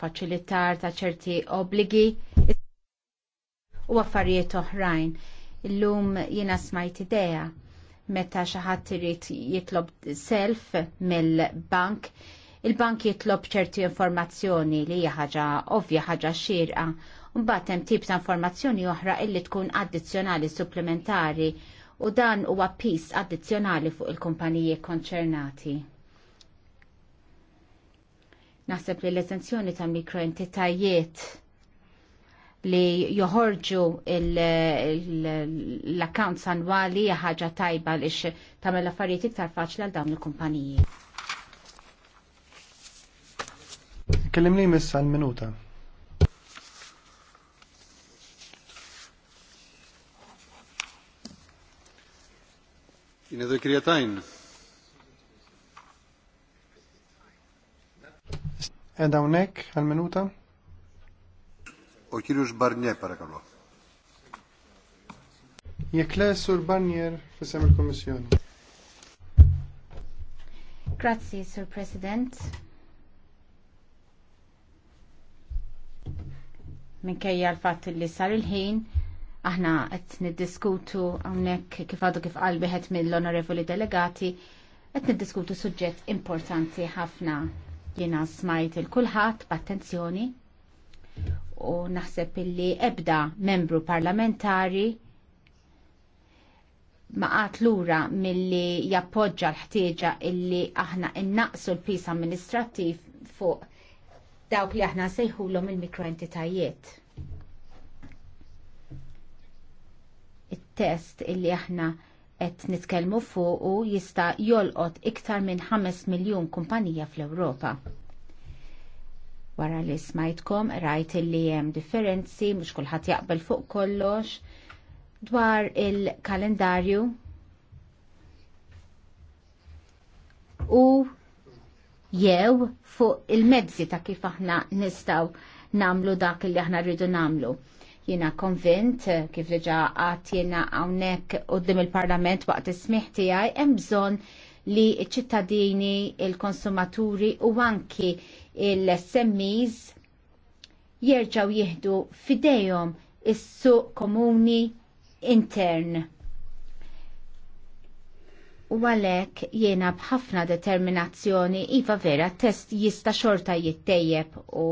faċilitar ta' ċerti obligi u affarijiet oħrajn. Illum jiena smajt idea meta xi ħadd irid jitlob self mill-bank, il-bank jitlob ċerti informazzjoni li hija ħaġa ovvja ħaġa xierqa. Mbagħad hemm tip ta' informazzjoni oħra illi tkun addizzjonali supplementari u dan huwa pis addizzjonali fuq il-kumpaniji konċernati. Naħseb li l-esenzjoni ta' mikroentitajiet li joħorġu l-accounts annwali ħaġa tajba li tagħmel affarijiet iktar faċli għal dawn il-kumpaniji. Kellimni missa l-minuta. Jina dekrijatajn. Ed hawnhekk għall minuta U kirux Barnier parakallu. Jekk le sur Barnier fissem il-Kommissjoni. Grazzi, Sur President. Minkejja l-fatt li sar il-ħin, aħna qed niddiskutu hawnhekk kif għadu kif qalbi qed mill-onorevoli delegati, qed niddiskutu suġġett importanti ħafna jina smajt il-kulħat b'attenzjoni u naħseb illi ebda membru parlamentari ma qat lura milli jappoġġa l-ħtieġa illi aħna innaqsu l-pis amministrattiv fuq dawk li aħna sejħulhom il-mikroentitajiet. Il-test illi aħna qed nitkellmu fuq u jista' jolqot iktar minn 5 miljun kumpanija fl-Ewropa. Wara li smajtkom rajt li hemm differenzi mhux kulħadd jaqbel fuq kollox dwar il-kalendarju u jew fuq il-mezzi ta' kif aħna nistgħu namlu dak li aħna rridu namlu jina konvint eh, kif liġa għat jina għawnek għoddim il-parlament waqt ismiħti għaj emżon li ċittadini, il-konsumaturi u anki il-semmiz jirġaw jihdu fidejhom is-suq komuni intern u għalek jiena bħafna determinazzjoni iva vera test jista xorta jittejjeb u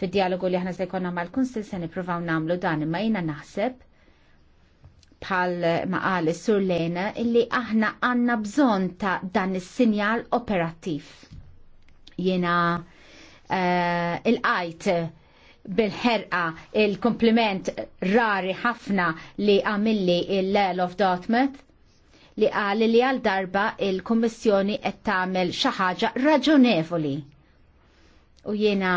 fid dialogu li aħna se jkollna mal kunstil se nippruvaw nagħmlu dan imma jiena naħseb bħal ma qal sur lejna illi aħna għandna bżonn ta' dan is-sinjal operattiv. Jiena uh, il-qajt bil-ħerqa il-kompliment rari ħafna li għamilli il-Lel of Dartmouth li qal li għal darba il-Kummissjoni qed tagħmel xi ħaġa raġunevoli. U jiena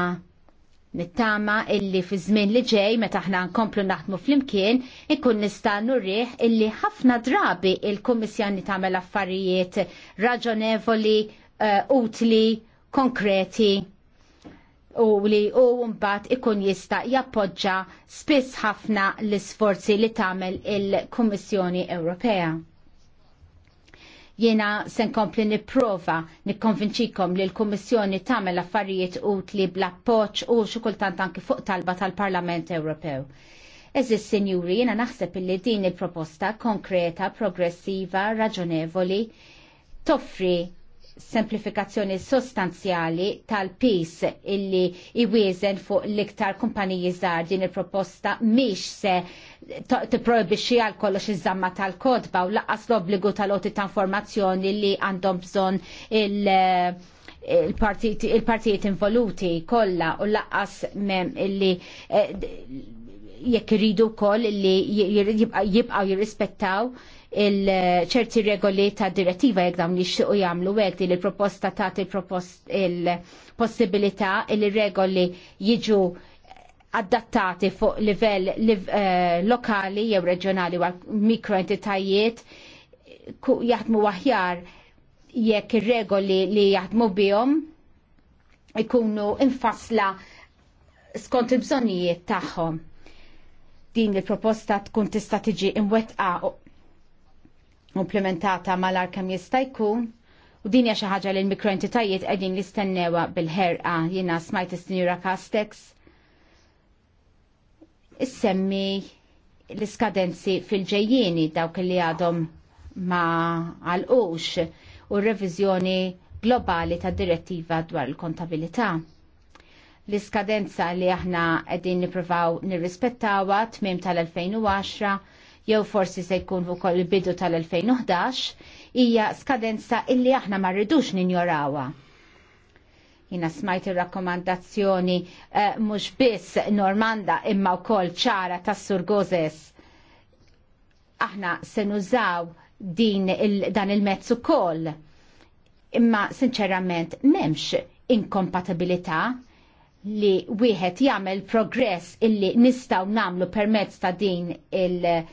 nittama illi fi żmien li ġej meta aħna nkomplu naħdmu flimkien ikun nistannu rieħ illi ħafna drabi il-Kummissjoni tagħmel affarijiet raġonevoli, uh, eh, utli, konkreti u li u mbagħad ikun jista' jappoġġa spiss ħafna l-isforzi li tagħmel il-Kummissjoni Ewropea. Jena sen kompli niprofa nikkonvinċikom li l-Kommissjoni tagħmel affarijiet utli bl-appoċ u xikultant anki fuq talba tal-Parlament Ewropew. Eżis, sinjuri, jena naħseb illi din il-proposta konkreta, progressiva, raġonevoli, toffri semplifikazzjoni sostanzjali tal-pis illi iwiezen fuq l-iktar kumpaniji żgħar din il-proposta miex se tipprojbixxi għal kollox iż-żamma tal-kodba u laqas l-obbligu tal-oti ta' informazzjoni li għandhom bżonn il- eh, il-partijiet involuti kollha u laqqas mem illi eh, jekk iridu wkoll li jibqgħu jirrispettaw il-ċerti regoli ta' direttiva jek dawn jixtiqu jagħmlu hekk din il-proposta ta' il-possibilità il regoli jiġu adattati fuq livell eh, lokali jew reġjonali għal mikroentitajiet jaħdmu aħjar jekk ir-regoli li jaħdmu bihom ikunu infasla skont il-bżonijiet tagħhom. Din il-proposta tkun tista' tiġi imwettqa implementata mal-ar kemm jista' jkun u din hija xi ħaġa li l-mikroentitajiet qegħdin jistennewha bil-ħerqa jiena smajt is-Sinjura Castex issemmi l-iskadenzi fil-ġejjieni dawk li għadhom ma għalqux u r-reviżjoni globali ta' direttiva dwar il-kontabilità. L-iskadenza li aħna qegħdin nippruvaw nirrispettawha tmiem tal-2010 jew forsi se jkun ukoll il-bidu tal-2011, hija skadenza illi aħna ma rridux ninjorawha. Jina smajt ir-rakkomandazzjoni eh, mhux biss Normanda imma wkoll ċara tas-Sur Gozes. Aħna se nużaw din il, dan il-mezz ukoll. Imma sinċerament m'hemmx inkompatibilità li wieħed jagħmel progress illi nistgħu nagħmlu permezz ta' din il-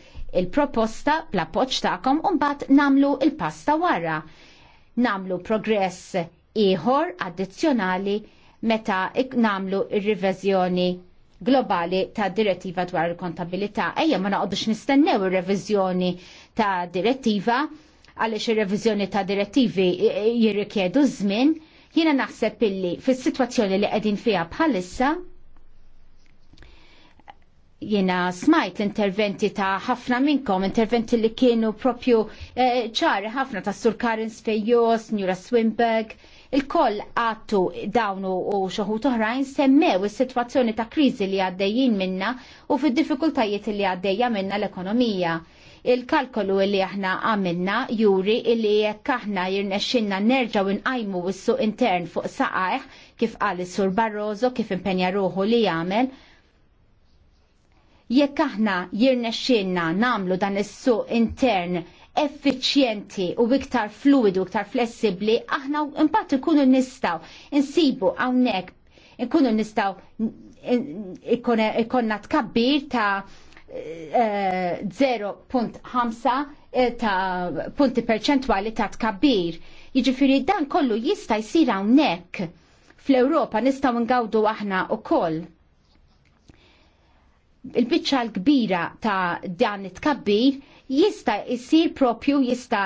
il-proposta bl-appoġġ tagħkom u mbagħad nagħmlu il-pasta wara. Namlu progress ieħor addizzjonali meta nagħmlu ir-riveżjoni globali ta' direttiva dwar il-kontabilità. Ejja ma naqgħodux nistennew ir-reviżjoni ta' direttiva għaliex ir-reviżjoni ta' direttivi jirrikjedu żmien, jiena naħseb illi fis-sitwazzjoni li qegħdin fiha bħalissa jena smajt l-interventi ta' ħafna minnkom, interventi li kienu propju eh, ċari ħafna ta' Sur Karin Sfejjos, Njura Swinberg, il-koll għattu dawnu u xoħut oħrajn semmew is-sitwazzjoni ta' kriżi li għaddejjin minna u fid-diffikultajiet li għaddejja minna l-ekonomija. Il-kalkolu li aħna għamilna juri li jekk aħna jirnexxinna nerġaw inqajmu s-suq intern fuq saqajh kif qal is-Sur Barroso kif impenja ruħu li jagħmel, Jekk aħna jirnexxinna namlu dan is-suq intern effiċjenti u iktar fluidu, iktar flessibli, aħna imbagħad ikunu nistgħu insibu hawnhekk ikunu nistgħu ikonna tkabbir ta' 0.5 eh, eh, ta' punti perċentwali ta' tkabbir. Jiġifieri dan kollu jista' jsir hawnhekk. Fl-Ewropa nistgħu ngawdu aħna wkoll il-bicċa l-kbira ta' dan it-kabbir jista' jisir propju jista'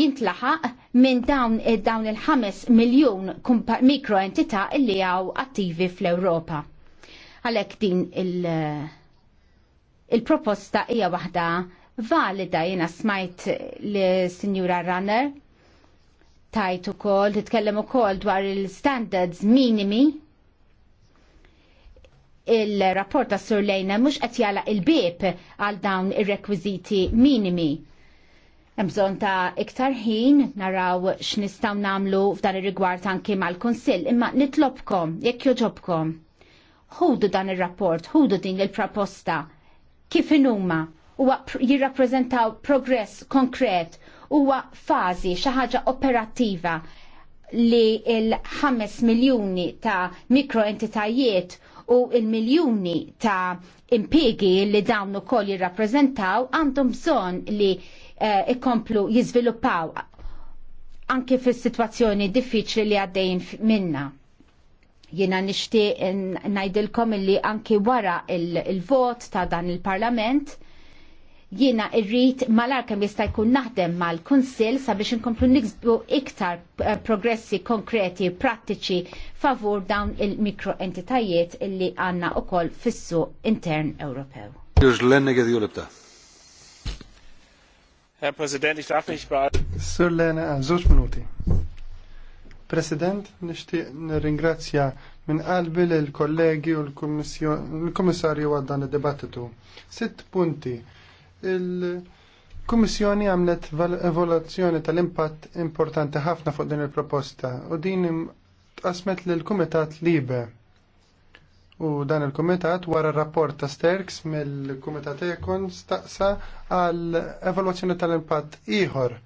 jintlaħaq minn dawn, eh, dawn il-5 miljon mikroentità li għaw attivi fl-Europa. Għalek din il-proposta il hija waħda valida jena smajt li sinjura Runner tajt ukoll kol, titkellem u kol dwar il-standards minimi il-rapport ta' surlejna mux mhux qed jala il-bib għal dawn ir-rekwiżiti minimi. Hemm bżonn ta' iktar ħin naraw x'nistgħu nagħmlu f'dan ir-rigward anki mal-Kunsill, imma nitlobkom jekk joġobkom. Ħudu dan ir-rapport, ħudu din il-proposta. Kif inhuma huwa jirrappreżentaw progress konkret huwa fażi xi ħaġa operattiva li il-5 miljuni ta' mikroentitajiet u il-miljuni ta' impiegi li dawn ukoll jirrappreżentaw għandhom bżonn li eh, ikomplu jizviluppaw anke fis-sitwazzjoni diffiċli li għaddejn minna jena nishtiq najdilkom li anki wara il-vot il ta' dan il-parlament jiena irrit malar kem jista' jkun naħdem mal-Kunsill sabiex inkomplu niksbu iktar eh, progressi konkreti, prattiċi favur dawn il-mikroentitajiet illi għanna koll fissu intern Ewropew. Herr Präsident, ich darf mich bei... Sir Lena, zoċ minuti. President, nishtiq nirringrazzja minn qalbi l-kollegi u l-komissarju għaddan il-debattitu. Sitt punti il-Kummissjoni għamlet evoluzzjoni tal-impatt importanti ħafna fuq din il-proposta u din tqasmet lil kumitat Libe. U dan il-Kumitat wara rapport ta' Sterks mill-Kumitat Ekon staqsa għal evoluzzjoni tal-impatt ieħor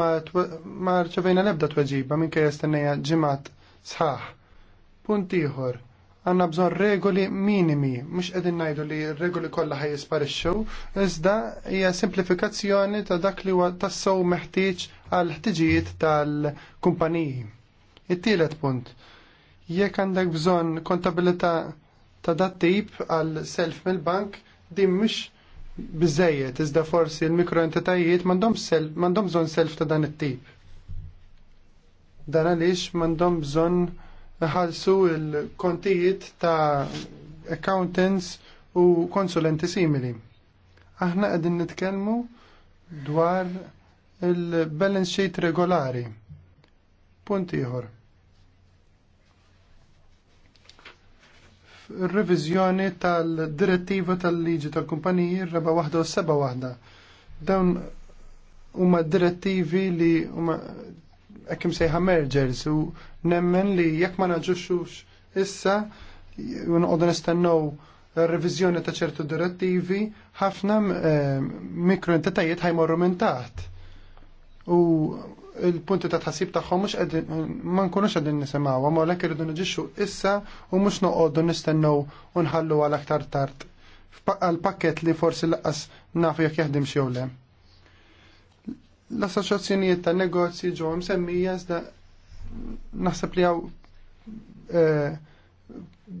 ma rċevejna lebda tweġiba minn kaj jastennija ġimat sħaħ. Punt ieħor għanna bżon regoli minimi, mux edin najdu li regoli kolla ħaj jisparixxu, iżda hija simplifikazzjoni ta' dak li tassow meħtieġ għal ħtiġijiet tal-kumpaniji. It-tielet punt, jekk għandek bżon kontabilità ta' dat tip għal self mill-bank, din mhux bizzejiet, iżda forsi l-mikroentitajiet m'għandhom bżonn self ta' dan it-tip. Dan għaliex m'għandhom bżonn ħalsu il-kontijiet ta' accountants u konsulenti simili. Aħna qegħdin nitkellmu dwar il-balance sheet regolari. Punt ieħor. Revizjoni tal-direttiva tal-liġi tal-kumpaniji reba' waħda u seba waħda. Dawn huma direttivi li huma ekkim sejħa mergers u nemmen li jekk ma naġuxux issa unqodu nistennow revizjoni ta' ċertu direttivi ħafna eh, mikroentitajiet ħajmorru minn taħt. U il-punti ta' tħassib tagħhom mhux qegħdin ma nkunux qegħdin nisimgħu, ma lek rridu niġixxu issa u mhux noqogħdu nistennew u nħallu għal aktar tard għal pakket li forsi laqas nafu jekk jaħdem xi le. L-assoċjazzjonijiet ta' negozji ġew semmija iżda naħseb li għaw e,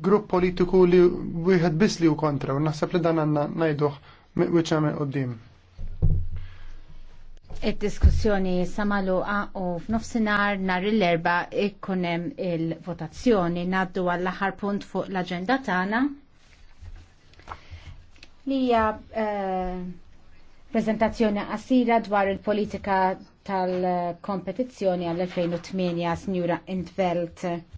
grupp politiku li wieħed biss li hu kontra u naħseb li dan għandna ngħiduh wiċċ għamel qudiem. Id-diskussjoni samaluqa u f'nofsinhar nhar l-erba ikun hemm il-votazzjoni ngħaddu għall-aħħar punt fuq l-aġenda tagħna. Lija uh, e, Prezentazzjoni qasira dwar il-politika tal-kompetizzjoni għall-2008 Signora Intvelt.